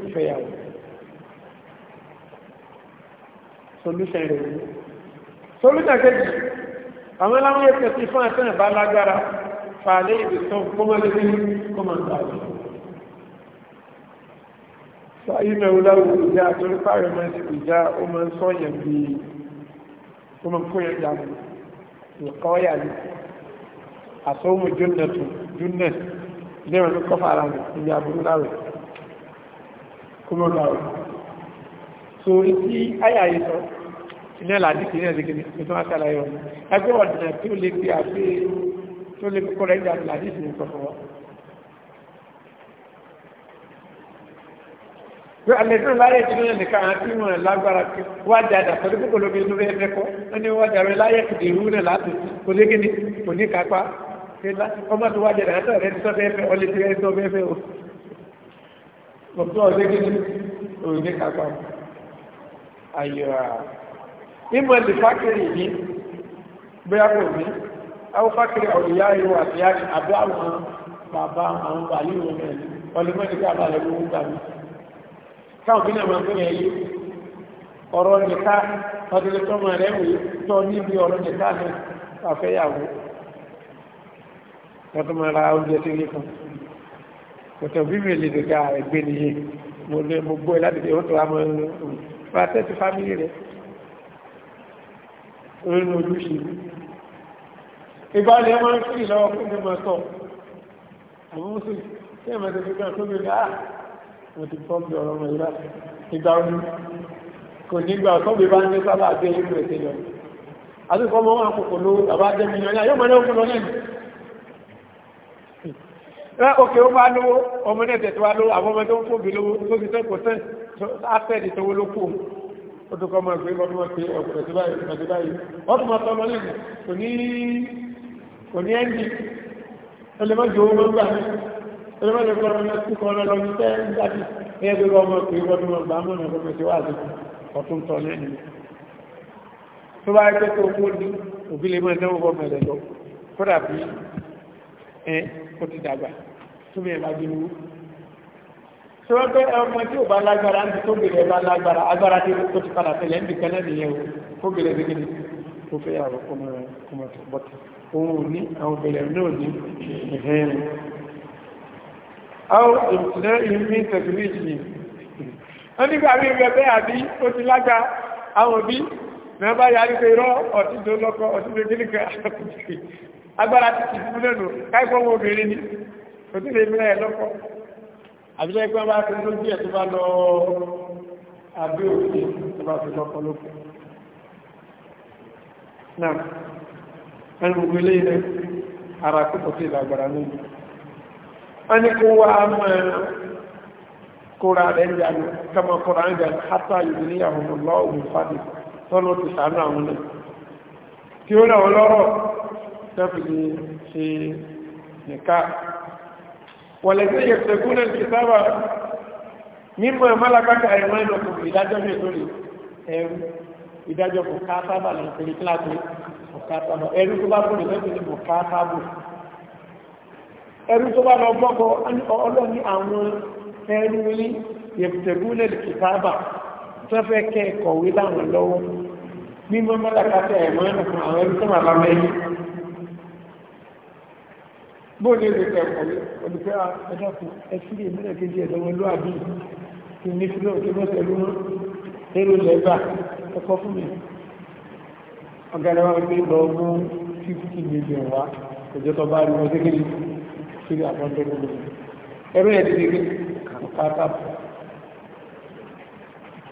ìfẹ́yàwó solution rẹ̀ ní solution kejì àwọn ẹlẹ́wọ̀n ẹ̀kẹ́ sí fún àtẹ́nà bá lágbára fàálẹ́ ìdìtàn kọ́mọ́lẹ́gbẹ́ni kọ́mọ́lẹ́gbẹ́ni fàyínà oláwò ìjà torí fáyọ̀ máa ń sì ìjà ó máa ń sọ́yàn bí i ó máa ń kóyàn dànù nǹkan ọ̀yà ni àsọ́wọ́mù jónẹ̀tù jónẹ̀ ilé ìwọ̀n ló ìjà burú kó ló láwẹ̀ so etí àyà yìí sọ iná làdí kìíní ẹ̀dẹ́gẹ́ni tó tó wá sálàyé wọn ẹgbẹ́ ọ̀dìnà tó lè gbé àgbé tó lè kọ́rẹ́ pé àlẹ́dùn láyé tí lóyún nìkan àti ìwọ̀n lágbára pé wá dáadáa pẹ̀lú pé kòlóbi inú bẹ́ẹ̀ fẹ́kọ́ ó ní wọ́n jàre láyé kìdì ìrú náà láti kò lé kíni kò ní kápá ọmọ tó wá jẹ̀dá àtọ̀ rẹ̀ tó bẹ́ẹ̀ fẹ́ ọlẹ́ tí rẹ̀ tó bẹ́ẹ̀ fẹ́ o òkú ọ̀lẹ́ kíni ò ní kápá ayọ̀ra ìmọ̀ ẹ̀dì fákìrì yìí bóyá kò ní àwọn fákìrì ọ̀dùyá ìwọ̀ àti káwọn bí náà máa fún ẹ̀yí ọ̀rọ̀ nìka ọdún tó máa rẹ̀ wò tọ́ níbi ọ̀rọ̀ nìka náà àfẹ́yàwó wọ́n tó máa ra oúnjẹ tí ilé kan kòtò bí mi lè dèkà ẹgbẹ́ nìyí mo lè mo gbọ́ ẹ láti dé wọ́n tó wá máa ń ra tẹ́tí fámìlì rẹ̀ nínú ojúṣe ìbálẹ̀ máa ń fi ìlọ́wọ́ fún mi máa tọ̀ àwọn mùsùlùmí tí ẹ̀ máa tẹ̀sí kan tó mi mo ti fọ́ bí ọ̀rọ̀ ìlà ìgbà ojú kò nígbà tọ́bí bá ní sábà àti ẹ̀yìn rẹ̀ tẹ́ lọ àti kọ́ mọ́ wọn kòkò ló bàbá jẹ́ mi yọnyá yóò mọ́ ní ọkùnrin náà rẹ̀ òkè ó bá lówó ọmọ náà tẹ̀tọ́ wá lówó àwọn ọmọ tó ń fòbí lówó tó ti tẹ́kọ̀ọ́ tẹ́ àtẹ́ẹ̀dì tó wó ló kù ó tó kọ́ mọ́ ẹgbẹ́ lọ́dún wọn pé ọkùnrin ti báyìí ọkùnrin ti báyìí wọ́n tún máa tọ́ lọ lẹ́nu kò ní ẹ́ńdì ẹlẹ́mọ́jọ́ owó ló gbà ẹlẹ́wọ́n lè fọ́nà náà kú kọ́nà lọ sí tẹ́ẹ̀ ń dájú ẹ̀yẹ́ gbogbo ọmọ pé wọ́n mọ̀ gbà mọ̀ náà gbọ́mọ̀ sí wáàzù ọ̀tún tọ́ lẹ́nu tó bá yẹ tó kó ní òbí lè máa dánwò bọ́mọ̀ rẹ̀ lọ kódà bí ẹ kó ti dàgbà tó bẹ̀rẹ̀ lájú wú. tó wọ́n pẹ́ ọmọ tí ò bá lágbára ní tó bẹ̀rẹ̀ bá àwọn bẹ̀rẹ̀ náà ní ẹ̀hẹ́n àwọn ìmùsùlẹ̀ ìmí tẹ̀sílẹ̀ ìjì wọ́n nígbà rí bẹ̀bẹ̀ àbí ó ti lága àwọn bi. Na ti ti fún lẹ́nu káìpọ́ wọn obìnrin ni òtí lè Abi ẹ̀ lọ́kọ́ àbílẹ̀ ẹgbẹ́ bá fi e ẹ̀ tó bá lọ àbí òfin tó bá fi lọ́kọ́ lókè ara wọ́n ní kó wá máa kóra rẹ̀ ń jànú kama kóra ń jànú hátà yìí ní àwọn ọlọ́wọ́ ìfàdé tọ́nà ti sàánú àwọn náà tí ó náà lọ́rọ̀ tẹ́fìdì ṣe nìka wọ̀lẹ̀sẹ̀ yẹ̀sẹ̀kún náà ti sábà mímọ̀ mọ́lákàkà ẹ̀mọ́ ìlọ́kùn ẹrú tó bá lọ bọ́kọ ọlọ́ni àwọn ẹrú ní yẹ̀bùtẹ̀gúnlẹ̀ kìtàbà tó fẹ́ kẹ́ kọ̀wé láwọn lọ́wọ́ mímọ́ mọ́lákàtà ẹ̀mọ́ ẹ̀nàkan àwọn ẹrú tó máa bá mẹ́rin bó ní ìrìn ẹ̀kọ̀wé olùfẹ́ ẹ̀dọ́kùn ẹ̀sílẹ̀ ìmúlẹ̀ kejì ẹ̀dọ́wọ́ ló àbí kí ní tó bọ́ mọ́ lẹ́gbà fún mi ọ̀gá síbi àwọn tó gbogbo ẹ̀rọ ẹ̀ dídí kàkàtà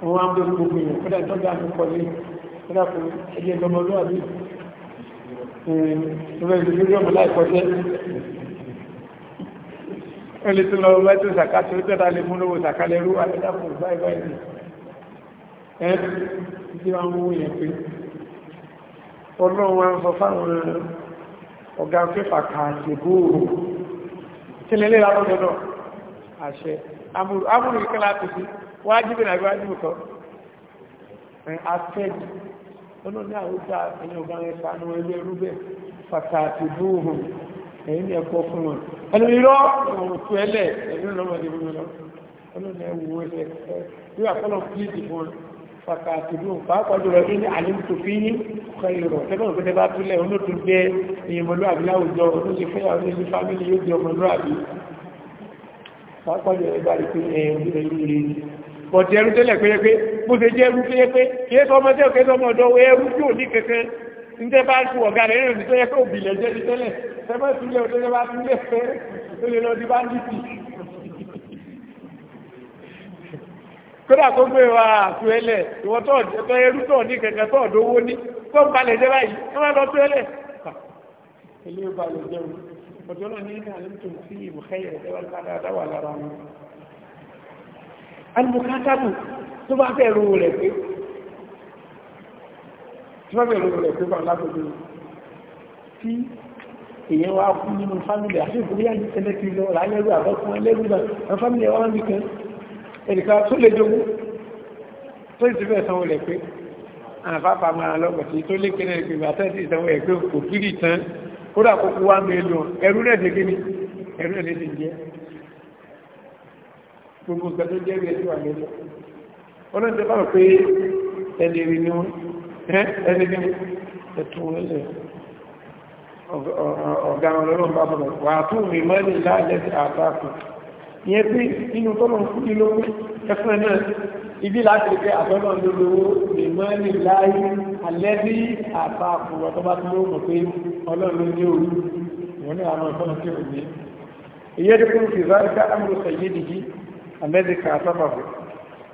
wọn wá ń bẹ gbogbo yẹn kódà tó gbà nípa ọdún kódà kò ẹgbẹ́ ìgbọmọlúwàbí ìwé ìlú yọmọ láìpọ́jẹ́ ẹni tó lọ bá tó sàkà tó tẹ́ta lè mú lówó sàkà lè rú alẹ́dàpọ̀ báyìí báyìí ẹ́ tí wọ́n mú yẹn pé ọlọ́run wọn sọ fáwọn ọ̀gá fífà kàṣẹ̀ bóòrò kílẹ̀ lè rábọ̀ àṣẹ amúrù amúrù ìkẹ́ fi wájúbì náà wájúbì kọ́ afẹ́jì ọ̀nà ní àwùjọ ọba rẹ̀ sánú ẹgbẹ́ rúbẹ̀ pàtàkì búhù ẹ̀yìn ẹ̀kọ́ fún fàkàtìlú pàápàá jùlọ ní àlèmtò fi ní kọ̀ìrọ̀ tẹ́gbọ́n òfin bá túnlẹ̀ onótún jẹ́ ìyẹmọ̀lú àbíláwùjọ oníṣe fẹ́yà oníṣe fámílì yóò jẹ ọmọlú àbí pàápàá jùlọ ẹgbà rí pé ẹ oníṣe ìlú rí bọ̀dì ẹrú tẹ́lẹ̀ pé pé bó ṣe jẹ́ ẹrú pé pé kí é sọmọ tẹ́ òkè sọmọ ọ̀dọ́ ẹrú tí ò ní kẹkẹ ń tẹ́ bá tu ọ̀gá rẹ̀ rẹ̀ tó yẹ kó òbílẹ̀ jẹ́ ti tẹ́lẹ̀ tẹ́lẹ̀ tẹ́lẹ̀ bá túnlẹ̀ fẹ́ tó lè lọ di bá ń dìtì kódà kó gbé wa àtú ẹlẹ̀ ìwọ́n tó ọ̀dọ́ ẹrú tó ní kẹ̀kẹ́ tó ọ̀dọ́ owó ní tó ń balẹ̀ jẹ́ báyìí ẹ má lọ tó ẹlẹ̀. ilé ìbá lè jẹ́ o ọ̀dọ́ náà ní ìdá àlẹ́ tó sí ìbùkẹ́ yẹn ẹ̀dẹ́ wà lára àdáwà lára wọn. alùpùpù tó bá fẹ́ ro rẹ̀ pé tó bá fẹ́ ro rẹ̀ pé báwọn lágbègbè tí èèyàn wá kú nínú fámìlì àti ìgbéyàwó ẹlẹ́kìlọ́ ẹnìkan tó lè jogún tó sì fẹ́ sanwó rẹ̀ pé àfáfà máa lọ́gbọ̀tí tó lé kí náà ìgbà tẹ́ sí ìsanwó rẹ̀ pé kò kírì tán kódà kókó wá mẹ́lú ẹrú rẹ̀ dé kíní ẹrú rẹ̀ dé jẹ́ gbogbo nǹkan tó jẹ́ rẹ̀ tó wà lẹ́nu wọn náà ti bá pé ẹni rí ni wọn ẹni rí ẹtù wọn lẹ ọ̀gá ọlọ́run bá bọ̀ wà á tún mi mọ́ ní láàjẹ́ àtàkùn ìyẹn pé nínú tọ́lọ̀ ń fún ní lówó ẹfún náà ibi láti pé àbẹ́lọ̀ ló lówó lè mọ́ ní láyé alẹ́ bí àbá àkùrọ̀ tó bá ti lówó mọ̀ pé ọlọ́run ló ní òru ìwọ̀n ní àwọn ìfọ́nà tí ò ní ìyẹ́ tó kún fi záríká àmúrò sẹ̀yẹ́ nìyí amẹ́ríkà àtàbàbọ̀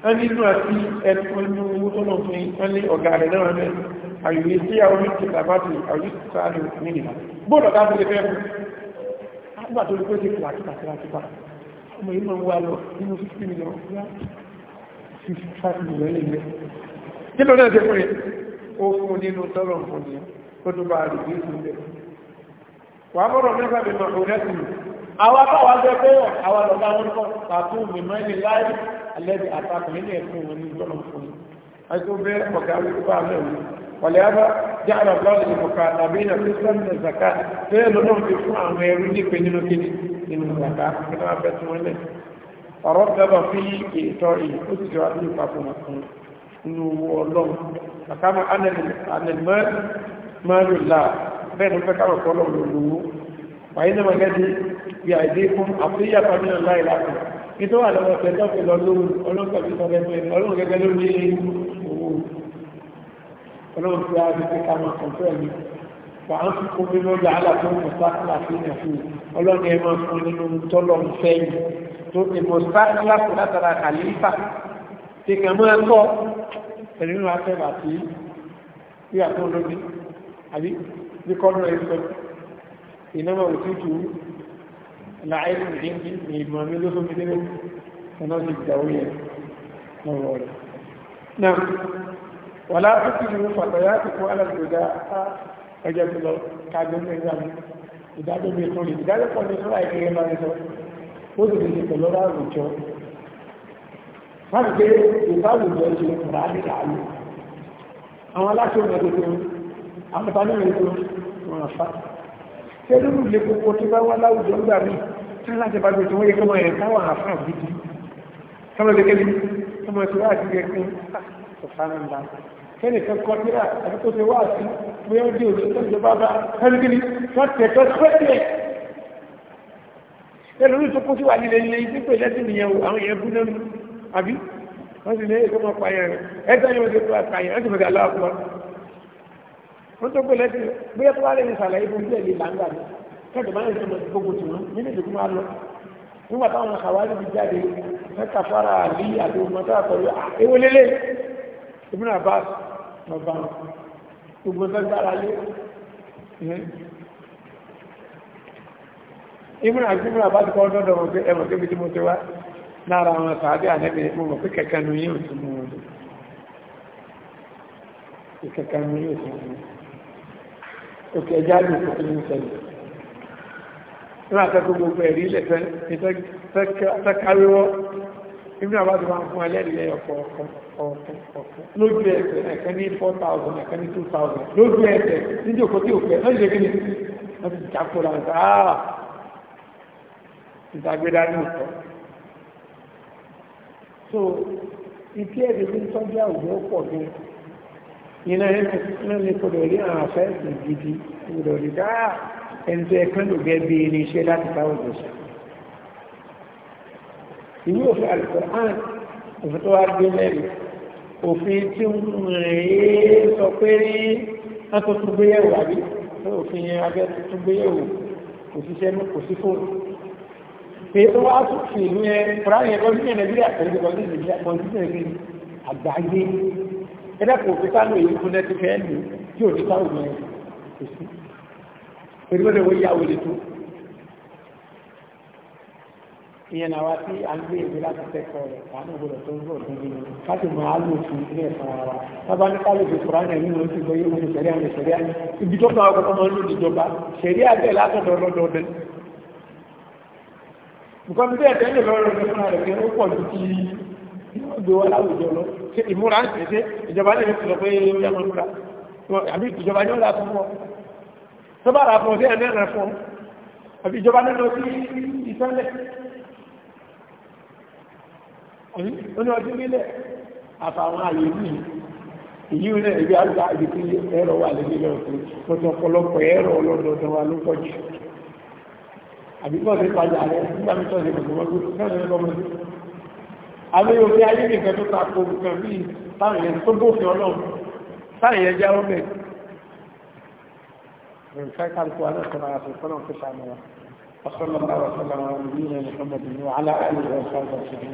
wọ́n nínú àti ẹnu owó tọ́lọ̀ fún wọn ní ọ̀gá rẹ̀ náà mẹ́ àyùwé sí àwọn oníkì tàbátì àyùwé ọmọ yìí máa ń wà lọ nínú 50 million 55 million lè mẹ́ kí ló náà ṣe fún yẹn ó fún nínú tọ́lọ̀ fún yẹn ó tún bá rí bíi ìlú bẹ́ẹ̀ wà á bọ̀rọ̀ mẹ́fà mi máa òun lẹ́sìn àwa bá wa jẹ pé àwa lọ bá wọn kọ tààtù mi máa ní láì alẹ́bí àtàkùn ilé ẹ̀kún wọn ní tọ́lọ̀ fún yẹn àti ó bẹ́ ọ̀gá wípé bá mẹ́rin ولهذا جعل الله للمكاتبين قسم nínú zaka kí wọ́n fẹ́ tún lẹ̀ ọ̀rọ̀ gbọ́dọ̀ fi ètò ìyí ó sì jọ ní ìpapọ̀ mọ̀kún nínú owó ọlọ́run àkámọ́ anẹ̀lẹ̀mọ́rù là bẹ́ẹ̀ ló fẹ́ káwọ̀ kọ́ lọ́wọ́ lówó wàyí ní mọ̀gẹ́dì bí àìdí fún àfíyàtà nínú láì láti nítorí wà lọ́wọ́ pẹ̀lú ọ̀pẹ̀ lọ lóhun ọlọ́pẹ̀ fi sọ gẹ́gẹ́ ọlọ́run gẹ́gẹ́ lórí owó ọlọ́run fi á fi ká máa kọ̀ǹtọ́ ẹ̀mí wà á fi kún nínú ọjà aláàfin mùsàkìlà sí ìyàfù ọlọ́ni ẹ̀ máa fún nínú tọ́lọ̀ ìfẹ́ yìí tó ìmùsàkìlà kò látara kàlífà tí kàn máa kọ́ pẹ̀lú nínú afẹ́fà sí ìyàtọ̀ olóbi àbí bí kọ́nù ẹ̀ sọ ìnáwó òtútù láàárín ìdíńdí ní ìmọ̀ mi ló fún mi nínú ọ̀nà ti gbà ó yẹ ọ̀rọ̀ rẹ̀ náà wàlá ó sì ní fàtàyà ti kó alàgbèdà ẹjọ́ tó lọ kájọ ní ẹgbẹ́ mi ìdájọ́ bíi tó rí ìdájọ́ pọ̀ ní sọ́ra ìkéré máa ń sọ ó sì lè pẹ̀lú ọ̀rọ̀ àwùjọ láti pé ìfá àwùjọ ṣe kùrà ní ààyè àwọn aláṣẹ òun ẹgbẹ́ tó àwọn ìfá náà ètò wọn àfá ṣé lórí ilé gbogbo tó bá wá láwùjọ gbà mí tí wọ́n láti bá gbé tí wọ́n yẹ kí wọ́n yẹ káwọn àfá gidi káwọn kẹ́nìkan kọ́ tíra àti tó ṣe wá sí pé ó dé òṣèlú ìjọba bá kẹ́nìkìní wọ́n tẹ̀tọ́ pẹ́tẹ̀ ẹlòmí tó kó sí wà nílé ilé ìdí pé lẹ́sìn nìyẹn o àwọn èèyàn bú lẹ́nu àbí wọ́n sì ní èso máa pa yẹn rẹ̀ ẹ̀ta yóò ṣe tó àta yẹn ẹ̀sìn mẹ́ta aláwọ̀ pọ̀ wọ́n tó pé lẹ́sìn bóyá tó wà lẹ́yìn sàlàyé fún bíẹ̀ lè làǹgà ní kẹ́kẹ́ máa ń sọ mọ́ gbogbo tì wọ́n nínú ìdíkú máa lọ Ibn Abbas lọ́gbà gbogbo tó gbára lé Ibn Ibn Abbas kọ́ dọ́dọ̀ wọn pé ẹmọ̀ kébi tí mo ti wá lára wọn sàádé ànẹ́bì mo mọ̀ pé kẹ̀kẹ́ nu yóò tún mú wọn kẹ̀kẹ́ nu yóò tún mú wọn òkè ẹja lù kò tún ṣẹlẹ̀ gbogbo ẹ̀rí ilẹ̀ fẹ́ fẹ́ káríwọ́ ìbí àbá ti máa fún ẹlẹ́rìí ẹyọ kọ̀ọ̀kan kọ̀ọ̀kan kọ̀ọ̀kan lójú ẹsẹ̀ ẹ̀kan ní four thousand ẹ̀kan ní two thousand lójú ẹsẹ̀ níbi òkú tí òkú ẹ̀ lọ́jọ́ ìṣẹ́ kíni wọ́n ti jákò láti àà ìtàgbéra ní ìtọ́. so ìtí ẹ̀dẹ̀ tí ń tọ́jú àwùjọ pọ̀ gan iná iná ní kò lórí àwọn afẹ́ ìgbìdì kò lórí dáa ẹni tó ẹ̀kan lò gẹ́ bí irinṣẹ́ láti táwọn òṣèlú ìwé òfin alukur'an òfin tó wá gbé mẹ́rin òfin tí wọ́n sọ pé rí atuntun gbéyẹ̀wò àbí òfin yẹn abẹ́ tuntun gbéyẹ̀wò kò síṣẹ́ ní kò sí fóònù pé ó wá tún fi ìlú yẹn fúráyìn ẹgbẹ́ orílẹ̀ nàìjíríà pẹ̀lú ọdún nàìjíríà kan sí ẹgbẹ́ àgbáyé ẹ̀dẹ́kùn òfin sálò èyí fún nẹ́tífẹ́ẹ́lì tí ò ní sáwùn yẹn kò sí pẹ̀lú ọdún ìyàwó lè tó ìyẹn náà wá sí àgbé ìwé láti kẹ́kọ̀ọ́ rẹ̀ kánú gbọdọ̀ tó ń bọ̀ tó ń bí káàtì máa lò fún ilé ẹ̀fọn ara wa bábá ní káàlù fi kura náà nínú oṣù gbọ́yé wọn ìṣẹ̀rí àmì ìṣẹ̀rí àmì ibi tó máa kọ́kọ́ máa ń lò níjọba ṣẹ̀rí àbẹ̀ látọ̀dọ̀ lọ́dọọdẹ. nǹkan bí bẹ́ẹ̀ tẹ́lẹ̀ lọ́rọ̀ rẹ̀ fún ọ tó bá oní hmm? ọdún nílẹ̀ àtàwọn àyè yìí èyí rẹ̀ ibi àgbà ibi tí ẹ̀rọ wà lẹ́gbẹ̀ẹ́ lọ sí tuntun ọ̀pọ̀lọpọ̀ ẹ̀rọ ọlọ́dọọdọ wa ló pọ̀jù àbíkọ́ sí padà rẹ̀ nígbà mi tọ́ sí gbogbo ọgbọ́n náà lọ́mọ sí àbí òfin ayé nìkan tó ta ko nǹkan bíi táwọn yẹn tó bófin ọlọ́run táwọn yẹn jáwọ́ bẹ̀ nǹkan kálukú aláṣọ́nà àti ìfọ́nà وصلى الله وسلم على نبينا محمد وعلى اله وصحبه اجمعين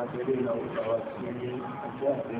àtẹ̀lé ìlàwó tàwa sí ní ọjọ́ àtẹ̀lé